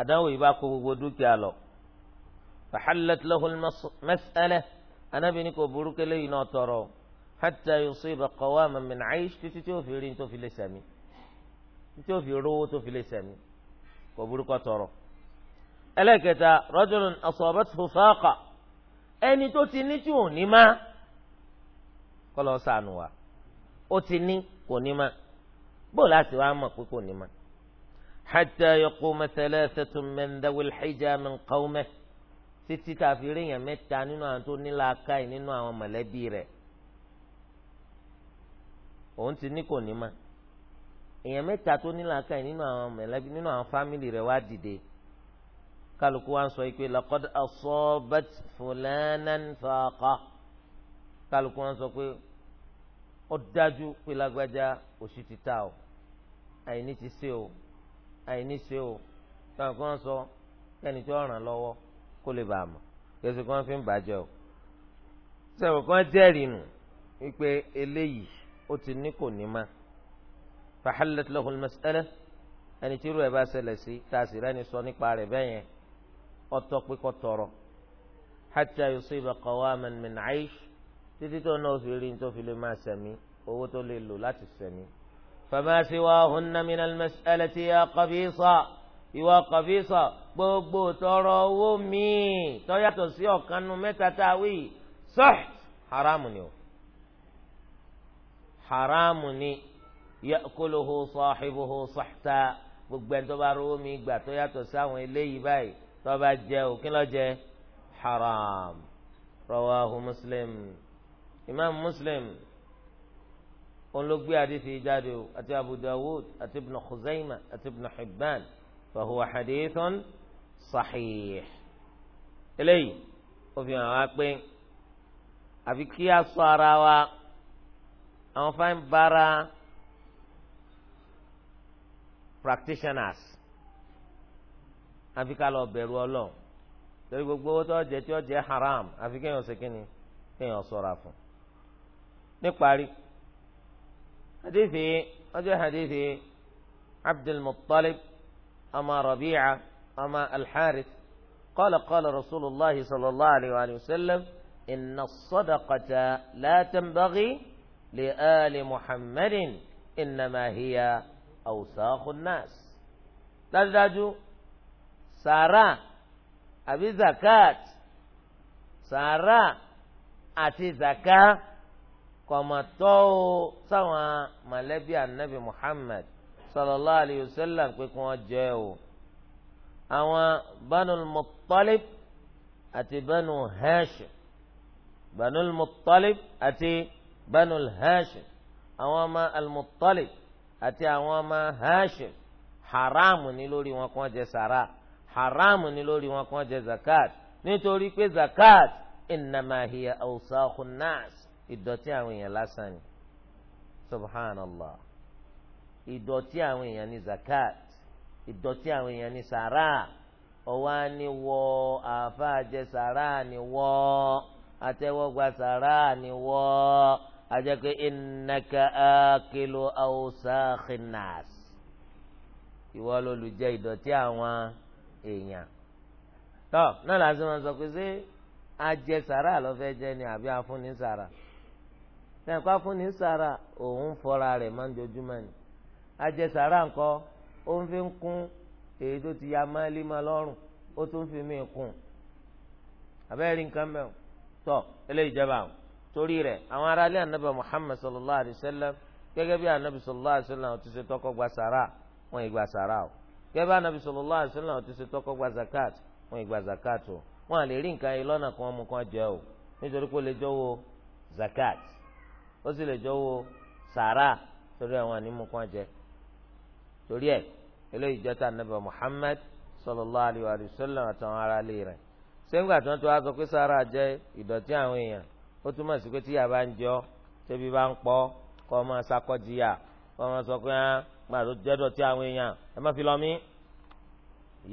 àdánwò yìí bá kó gbogbo dúkìá lọ fahallat lahul mas'ala anábìíní kò burúkú eléyìí náà tọrọ hatta yusiba qawaman min aish títí tí ó fi rí tó fi lè sẹ̀mí títí ó fi rówó tó fi lè sẹ̀mí kò burúkọ tọrọ. ẹlẹ́kẹta rajulun asabathu faqa ẹni tó ti ní tí ò ní má kọ́ lọ́ọ́ sànù wa ó ti ní kò ní má bó láti wá mọ̀ pé kò ní má. hatta yaquma thalathatun min dhawil hijja min títí tá a fi nínú àwọn tó ní làákàyè nínú àwọn mọ̀lẹ́bí rẹ̀ òun ti ní kò ní ma èèyàn mẹ́ta tó ní làákàyè nínú àwọn mẹ̀lẹ́bí nínú àwọn fámìlì rẹ̀ wá dìde kálukú wa ń sọ pé laqad asabat fulanan faqa kálukú wa ń sọ pé ó dájú pé lágbájá òṣì ti ta o àìní ti ṣe o àìní ṣe o kálukú wa ń sọ kẹ́ni tó ràn lọ́wọ́ kó lè bàa mọ̀ yẹ́sì kí wọ́n fi ń bàjẹ́ o sẹ́wọ̀n kan jẹ́rìí nù wípé eléyìí ó ti ní kò ní ma fahallat lahu al-mas'ala ẹni tí irú ẹ̀ bá ṣẹlẹ̀ sí tá a sì rẹ́ni sọ nípa rẹ̀ bẹ́ẹ̀ yẹn ọtọ́ pípọ́ tọrọ hatta yusiba qawaman min aish títí tó náà fi rí tó fi lè máa sẹ̀mí owó tó lè lò láti sẹ̀mí. fama siwahunna min al-mas'alati ya qabisa ìwà qabisa gbogbo tọrọ owó míì tó sí ọ̀kanu mẹ́ta tá a wí ni o haramu ni yakuluhu sahibuhu sahta gbogbo ẹni tó bá rówó mi gbà tó yàtọ̀ sí àwọn eléyìí báyìí tó bá jẹ òkín ló jẹ haram rawahu muslim imam muslim olùgbé àdìsí jáde o àti abu dawud àti ibn khuzaima àti ibn hibban fahuwa hadithun sahih eléyìí ó fi hàn wá pé àfi kí a ṣọ́ ara wa àwọn fine bara practitioners àfi ká lọ bẹ̀rù ọlọ́run torí gbogbo owó tó jẹ tí ó jẹ haram àfi kéèyàn ṣe kíni kéèyàn ṣọ́ra fún níparí hadithi ọjọ́ hadithi abdulmuttalib ama rabi'a ama alharith qala qala rasulillah sallallahu alayhi wa sallam inna sadaqata la tanbaghi. لآل محمد إنما هي أوساخ الناس dájúdájú sàrà àbí zakat sàrà àti zaka kọ̀mọ̀tọ́ o sáwọn mọ̀lẹ́bí anabi muhammad sallallahu alayhi wa sallam pé kí wọ́n jẹ́ o àwọn banul muttalib àti banu hashim banul muttalib àti banul hashim àwọn ọmọ al-muttalib àti àwọn ọmọ hashim haramu ni lórí wọn kàn jẹ sàrà haramu ni lórí wọn kàn jẹ zakat nítorí pé zakat innama hiya awsakhun nas ìdọ̀tí àwọn èèyàn lásán ni subhanallah ìdọ̀tí àwọn èèyàn ní zakat ìdọ̀tí àwọn èèyàn ní sàrà ọwọ́ ni wọ́ àfa jẹ sàrà ni wọ́ àtẹwọ́ gba sàrà ni wọ́ ajẹ́kẹ́ innaka akilu awsakhin nas ìwọ lolùjẹ ìdọ̀tí àwọn èèyàn tọ́ náà lásìkò máa sọ pé ṣé ajẹ sàrà ló fẹ́ jẹ ni àbí afúnni sàrà sẹ́yìn pa fúnni sàrà òun fọ́ra rẹ̀ máa ń jojúmọ́ ni ajẹ sàrà nǹkan ó ń fi ń kún èyí tó ti ya máàlímà lọ́rùn ó tún fi mí kún abẹ́rẹ́ nǹkan mẹ́wọ̀n tọ́ eléyìí jẹba àwọn torí rẹ̀ àwọn aráalé anabi muhammed sallallahu alayhi wa sallam gẹ́gẹ́ bí anabi sallallahu alayhi wa sallam ti ṣe tọkọ gba sàrà wọn ì gba sàrà o gẹ́gẹ́ bí anabi sallallahu alayhi wa sallam ti ṣe tọkọ gba zakat wọn ì gba zakat o wọn à lè rí nǹkan yìí lọ́nà kan mú kan jẹ o nítorí pé ó lè jọ̀wọ́ zakat ó sì lè jọ̀wọ́ sàrà torí àwọn ànímú jẹ torí ẹ eléyìí jọta anabi muhammed sallallahu alayhi wa sallam àtàwọn aráalé rẹ̀ sẹ́ńgbà tí wọ́n ti wá sọ pé sàrà jẹ́ ìdọ̀tí àwọn èèyàn ó túmọ̀ sí pé tíyà bá ń jọ tẹ́bí bá ń pọ́ kọ́ ọ máa sakọ́jìyà kọ́ ọ máa sọ pé ẹ́ gbàdúrà jẹ́dọ̀ tí àwọn èèyàn ẹ má fi lọ mí.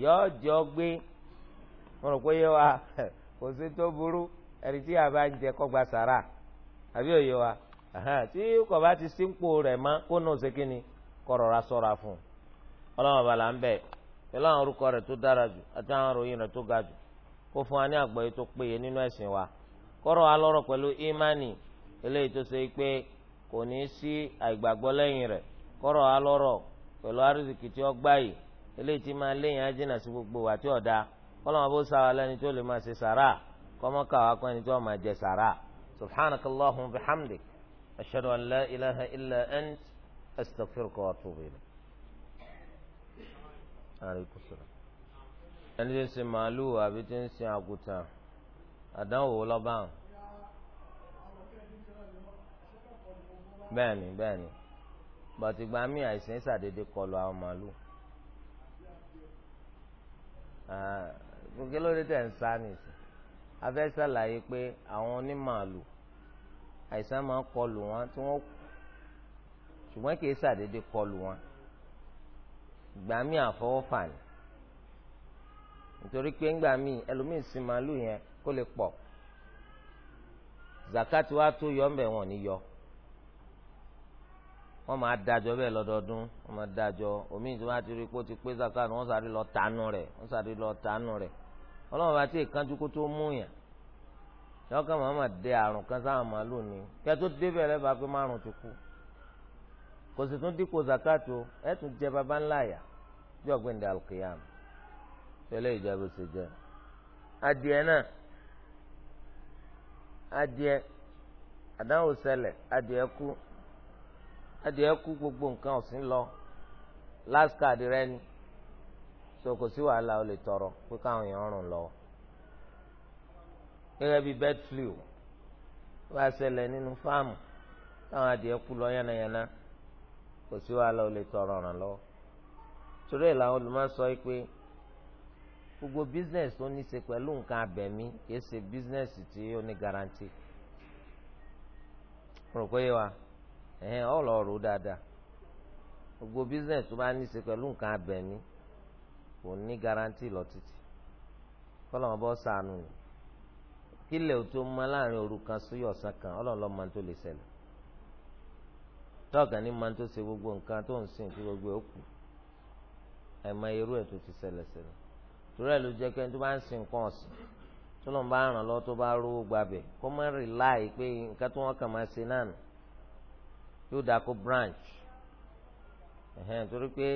yọ́ọ́ jọ gbé mo rò pé yé wa kò sí tó burú ẹni tíyà bá ń jẹ kọ́ gba sàrà àbí òye wa tí kò bá ti sínkù rẹ̀ mọ́ kó nà ṣe kí ni kọ́ rọra sọ́ra fún un ọlọ́run ọba ń bẹ̀ pẹ̀lú àwọn orúkọ rẹ̀ tó dára jù àti àwọn òròyìn rẹ̀ tó ga jù kó fún wa ní àgbọ́yé tó péye nínú ẹ̀sìn wa. kọ́rọ̀ wa lọ́rọ̀ pẹ̀lú ìmánì eléyìí tó ṣe pé kò ní sí àìgbàgbọ́ lẹ́yìn rẹ̀ kọ́rọ̀ wa lọ́rọ̀ pẹ̀lú arísìkì tí ó gbà eléyìí tí máa léyìn ajínà sí gbogbo wa tí ó da kọ́lọ́mọ bó sá wa lẹ́ni tó lè máa ṣe sàrà ilaha illa ant wa ẹni tí ń sin màálù àbí àdánwò lọ́ba hàn. bẹ́ẹ̀ni bẹ́ẹ̀ni bàtìgbà mí àìsàn ṣàdédé kọlu àwọn màálù. gbogbo lórí tẹ̀ ń sá nìsí afẹ́ ṣàlàyé pé àwọn onímàálù àìsàn máa ń kọlù wọn tí wọ́n ṣùgbọ́n kì í ṣàdédé kọlù wọn ìgbà mí àfọwọ́fà ni nítorí pé ńgbà mí ẹlòmíì sin màálù yẹn kó lè pọ̀ zakati wa tó yọ ńbẹ wọn ò ní yọ wọn máa dájọ́ bẹ́ẹ̀ lọ́dọọdún wọn máa dájọ́ omi tí wọn á ti rí pé ó ti pé zakati wọn sáré lọ tanu rẹ̀ wọn sáré lọ tanu rẹ̀ ọlọ́run bá ti kánjú kó tó mú yàn yọ ká màmá dé àrùn kan sáà máa lò ní kẹ tó débẹ̀ lẹ́bàá pé márùn ti kú kò sì tún dípò zakati o ẹ tún jẹ baba ńlá yà bí ọ̀gbìn dàlùkìyàm tẹ́lẹ̀ ìjọba ṣe jẹ adìẹ náà. adìẹ àdáwò ṣẹlẹ̀ adìẹ kú adìẹ kú gbogbo nǹkan ọ̀sìn lọ last card ni so kò sí wàhálà o lè tọrọ pé káwọn èèyàn rùn lọ gẹ́gẹ́ bíi bird flu wá ṣẹlẹ̀ nínú fáàmù táwọn adìẹ kú lọ yánnayànna kò sí wàhálà o lè tọrọ ràn lọ torí ẹ̀ làwọn ma sọ pé. gbogbo business tó ní í ṣe pẹ̀lú nǹkan abẹ̀mí kì í ṣe business tí garanti rò pé wa ẹ̀hẹ́n dáadáa gbogbo business tó bá ní í ṣe pẹ̀lú nǹkan abẹ̀mí garanti lọ títí kọ́lọ́mọ bọ́ sànù ni kílẹ̀ ò tó mọ láàrin òru kan sí ọ̀sán kan ọlọ́run lọ́ọ́ máa tó lè gbogbo nǹkan tó ń sìn kí gbogbo ẹ̀ ó kù ẹ̀ máa ti ṣẹlẹ̀ ṣẹlẹ̀ torí ẹ ló jẹ́ pé tó bá ń sin nǹkan ọ̀sìn tó lọ́n bá ràn lọ́wọ́ tó bá rówó gbàbẹ̀ kó má rí láì pé nǹkan tó wọ́n kàn máa ṣe náà nù yóò dáa kó branch ẹ̀hẹ́n torí pé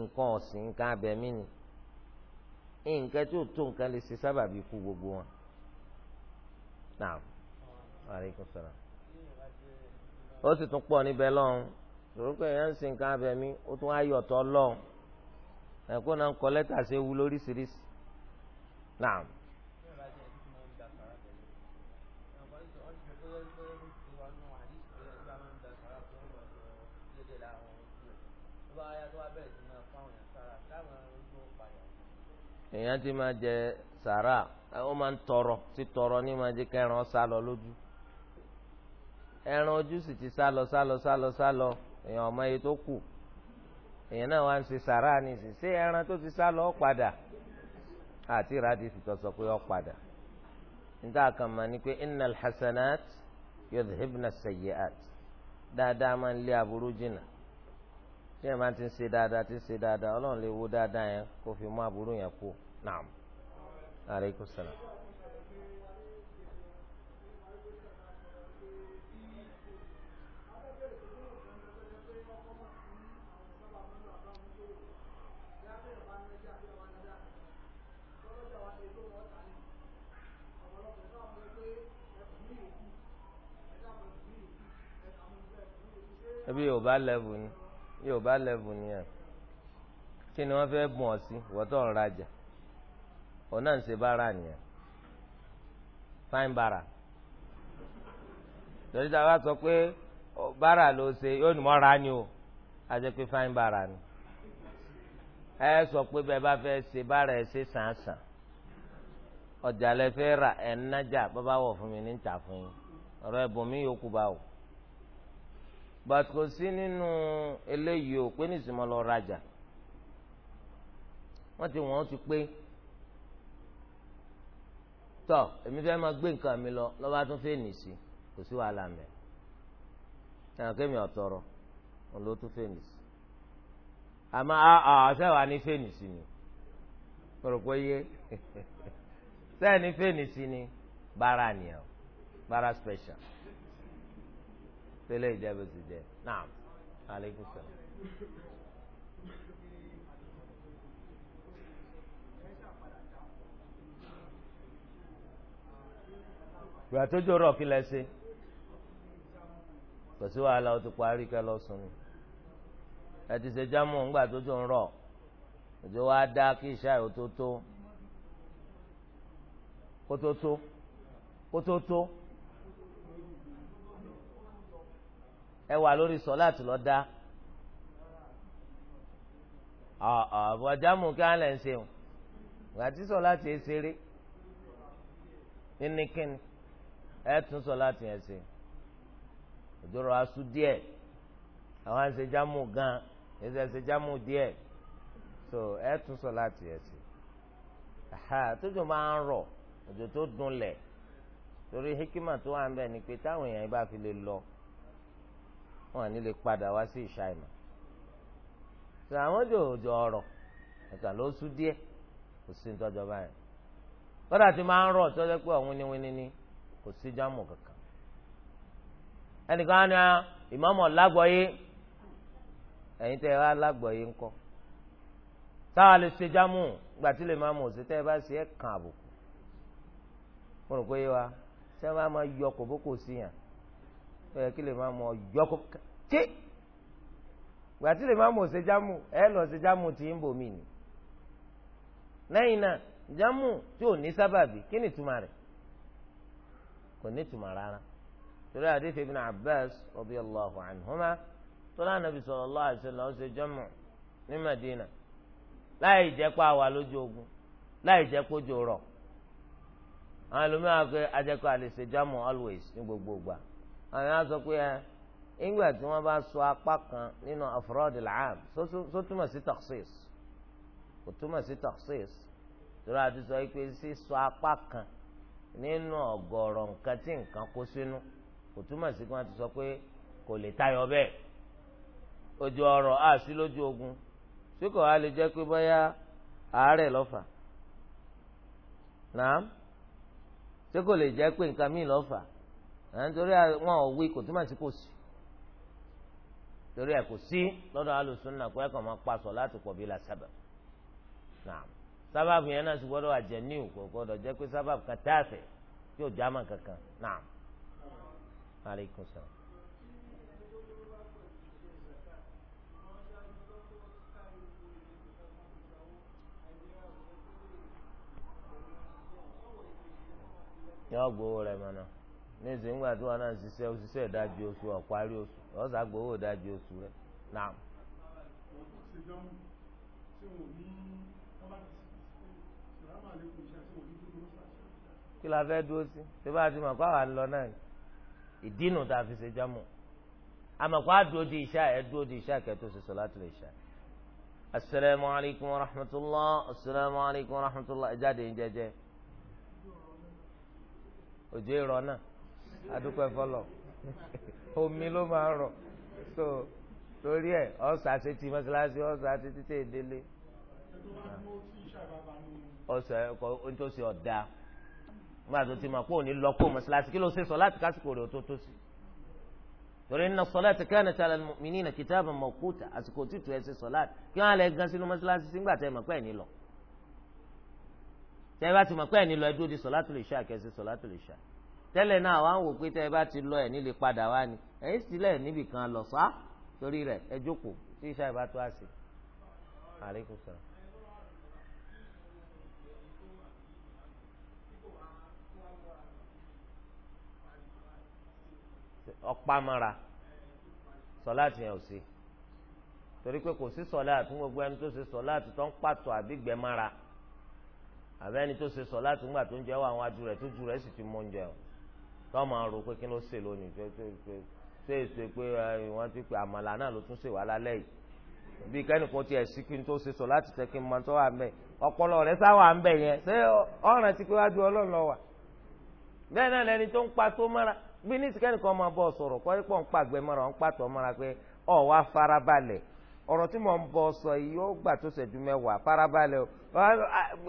nǹkan ọ̀sìn nǹkan ni nǹkan tó nǹkan lè ṣe ikú gbogbo wọn. نعم èèyàn ti máa jẹ sàrà ó máa ń tọrọ tí tọrọ ní máa jẹ kẹran sá lọ lójú ẹran ojú sì ti sá lọ sá lọ sá lọ sá lọ èèyàn ọmọ iye tó kù èèyàn náà wá ń ṣe sàrà ní ìsìn ṣé ẹran tó ti sá lọ padà àti ìrádìí sì tọ́sọ pé ó padà níta kan máa ní pé innal hasanat yudhibna sayyi'at dáadáa máa ń lé aburú jìnnà tí ẹ̀ máa ti ń ṣe dáadáa ti ń ṣe dáadáa ọlọ́run lè wo dáadáa yẹn kó fi mú aburú yẹn kú naam aleykum salaam. yorùbá lẹ́vù ni yorùbá lẹ́vù ni ẹ̀ kí ni wọ́n fẹ́ bùn ọ sí wọ́tọ̀ ọ̀rajà òun náà ń ṣe bára nìyẹn fáìn bára torí ta sọ pé bára ló ṣe yóò ní mọ́ra ni o a jẹ́ pé fáìn bára ni ẹ sọ pé bẹ́ẹ̀ bá fẹ́ ṣe bára ẹ ṣe sàn sàn ọjà lẹ fẹ́ ra ẹ̀ ń nájà bàbá wọ̀ fún mi ní ìta fún yín ọ̀rọ̀ ẹ̀bùn mi yòókù bá wò but kò sí nínú eléyìí ò pé nìsímọ́ lọ rajà wọ́n ti wọ́n ti pé tọ́ èmi fẹ́ máa gbé nǹkan mi lọ lọ́ba tún fẹ́ nìsí kò sí wàhálà mẹ́ ẹ̀hàn kémi ọ̀tọ̀rọ̀ òun ló tún fẹ́ nìsí àmọ́ àṣẹ wà ní fẹ́ nìsí ni pọ̀rọ̀pọ̀ yé sẹ́ẹ̀ ní fẹ́ nìsí ni bára nìyẹn bára special. tẹ́lẹ̀ ìjábẹ̀ sì jẹ́ naam aleykum salaam. tojo tó jọ kò sí wàhálà parí kẹ lọ ẹ ti ṣe jámù ńgbà tó ń rọ̀ wa dá ẹ wà lórí sọláàtì lọ dá àbọ̀jámù kí á lẹ̀ ń ṣeun gbàtí sọláàtì ẹ ṣeré nínìkíni ẹ tún sọláàtì ẹ ṣe òjòrò aṣú díẹ̀ àwọn ẹsẹ jámù gan ẹsẹ ẹsẹ jámù díẹ̀ so ẹ tún sọláàtì ẹ ṣe tójú máa ń rọ̀ òjò tó dunlẹ̀ torí hikima tó wà ń bẹ ni pé táwọn èèyàn bá fi lè lọ wọn ni le padà wá sí ìṣá ìmọ̀ tó àwọn jòjò ọrọ ló kò sí nítọ́jọ́ báyìí kódà tí máa ń rọ̀ tọ́jọ́ pé ọ̀hún ni wíní ni kò sí jámù kankan ẹnìkan á ní ah, ìmọ̀mọ̀ lágbọ̀ọ́yé ẹ̀yin tẹ́ ẹ wá lágbọ̀ọ́yé jámù lè máa mọ̀ sí tẹ́ ẹ bá ṣe ẹ̀ wa ṣé máa yọ kòbókò sí yàn ẹ kí lè máa mọ yọkọ tí lè máa mọ ṣe ẹ lọ ṣe tí ń bò ni lẹ́yìn náà jámù tí ò ní sábàbí kí ni túmọ̀ rẹ̀ kò ní túmọ̀ rárá torí hadith ibn Abbas radiyallahu anhuma tọ́lá jámù ní Madina láì jẹ́ pé àwa lójú ogun láì jẹ́ pé ojú àwọn ẹlòmíràn pé ajẹ́kọ̀ọ́ ṣe gbogbo àwọn á sọ pé ẹ ńgbà tí wọ́n bá sọ apá kan nínú afrọ́dì làám só túmọ̀ sí takhsis kò túmọ̀ sí takhsis torí àti sọ pé sísọ apá kan nínú ọgọrọ nǹkan tí nǹkan kó sínú kò túmọ̀ sí kí wọ́n ti sọ pé kò lè tayọ bẹ́ẹ̀ ojú ọ̀rọ̀ á sí lójú ogun tí kò á lè jẹ́ pé bóyá àárẹ̀ lọ́fà náà tí kò lè jẹ́ pé nǹkan míì lọ́fà nítorí wọn ò wí kò túmọ̀ sí kò sí torí ẹ̀ kò sí lọ́dọ̀ alùsùnà kó ẹ̀kọ́ máa paṣọ láti pọ̀ bí la sábà náà sábàbù yẹn náà sì gbọ́dọ̀ àjẹ́ níwò kò gbọ́dọ̀ jẹ́ pé sábàbù kan táàfẹ̀ tí ò jámà kankan náà aleykum salaam. yọ gbowó rẹ mọ náà. níṣẹ́ ńgbà tí wọn náà ṣiṣẹ́ òṣìṣẹ́ ìdajì oṣù ọ̀parí oṣù ọ̀sà gbowó ìdajì oṣù rẹ̀ náà. kí la fẹ́ dúró sí ṣé bá a ti mọ̀ kó àwa ń lọ náà ìdínú tá a fi ṣe jámù àmọ̀kó àdúró di ìṣá ẹ̀ dúró di ìṣá kẹ́tó ṣe sọ̀látul ìṣá. asalaamu alaykum wa rahmatulah asalaamu alaykum wa rahmatulah ẹ jáde ń jẹjẹ ojú ìrọ náà. adúpẹ́ fọlọ́ omi ló máa ń rọ̀ so torí ẹ̀ ọ̀sà àti ti mọ́sálásí ọ̀sà àti títí ìdílé ọ̀sà ẹ̀kọ́ nítòsí ọ̀dà nígbà tó ti mọ̀ pé òní lọ kó mọ́sálásí kí ló ṣe sọ láti kásìkò rẹ̀ tó tó sí torí inna sọláàtì kánà tí al-mu'minina kitaban mawquta àsìkò títù ẹsẹ sọláàtì kí wọn lè gan sínú mọ́ṣáláṣí sígbà tẹ mọ̀ pé ẹ̀ nílọ tẹ bá ti mọ̀ pé ẹ̀ nílọ ẹ dúró di sọláàtì lè ṣá kẹsẹ sọláàtì lè ṣá tẹ́lẹ̀ náà wá ń wò pé tẹ́ ẹ bá ti lọ ẹ̀ nílé padà wá ni ẹ̀yìn sílẹ̀ níbì kan lọ sá torí rẹ̀ ẹ jókòó tí iṣẹ́ ìbá tó àṣì. Alaikum salaam. ọ̀pamọ́ra sọláàtì yẹn ò sí torí pé kò sí sọláàtì gbogbo ẹni tó ṣe sọláàtì tó ń pàtó àbí gbẹmọ́ra àbẹ́ni tó ṣe sọláàtì ńgbà tó ń jẹ́ àwọn adúrẹ̀ tó ju rẹ̀ sì ti mú oúnjẹ o tó máa rò pé kí ló ṣe lónìí tó tó tó ṣe èso pé wọ́n ti pè àmàlà náà ló tún ṣe wà lálẹ́ yìí bí kẹ́nìkan tiẹ̀ sí kí n tó ṣe sọ láti tẹ́ kí n máa tọ́ wà mẹ́ ọpọlọ rẹ sáwà ń bẹ̀ yẹn ṣé ọ̀ràn ti pé wájú ọlọ́run lọ wà bẹ́ẹ̀ náà lẹni tó ń pa tó mọ́ra bí ní sikẹ́nìkan máa bọ̀ sọ̀rọ̀ kọ́rí pọ̀ ń pàgbẹ́ mọ́ra ń pàtọ́ mọ́ra pé ọ̀ wá farabalẹ̀ ọ̀rọ̀ tí mo ń bọ̀ sọ yìí ó gbà tó ṣẹ́jú farabalẹ̀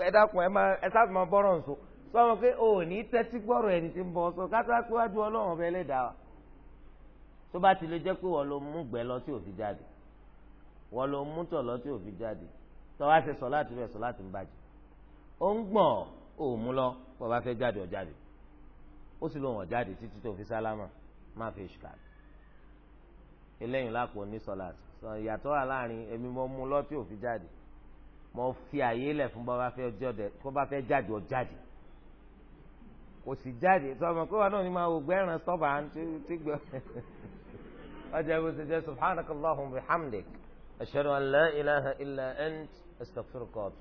ẹ dákun ẹ sáà máa bọ́rọ̀ nsọ sọmọ pé o ò ní tẹ́tí gbọ́rọ̀ ẹni tí ń bọ̀ sọ kátà síwájú ọlọ́run ọba ẹlẹ́dàá wa tó bá ti lè jẹ́ pé wọ́n ló mú gbẹ́ lọ tí ò fi jáde wọ́n ló mú tọ̀ lọ tí ò fi jáde tó wá ṣe sọ láti rẹ̀ sọ láti ń bàjẹ́ ó ń gbọ̀n ò mú lọ bó bá fẹ́ jáde ó jáde ó sì lóun ó jáde títí tó fi sálámà má fi ṣùkà eléyìí lápò ní sọlá ìyàtọ̀ wà láàrin èmi mo mú lọ tí ò fi jáde mo fi àyè lẹ̀ fún bó bá fẹ́ jáde ó jáde kò sì jáde tó ọmọ pé wọn náà ní máa wò gbẹ́ràn sọ́ba tí gbọ́ ọjà ìwé ṣe jẹ́ subhanakallahumma bihamdik ashhadu an la ilaha illa ant astaghfiruka.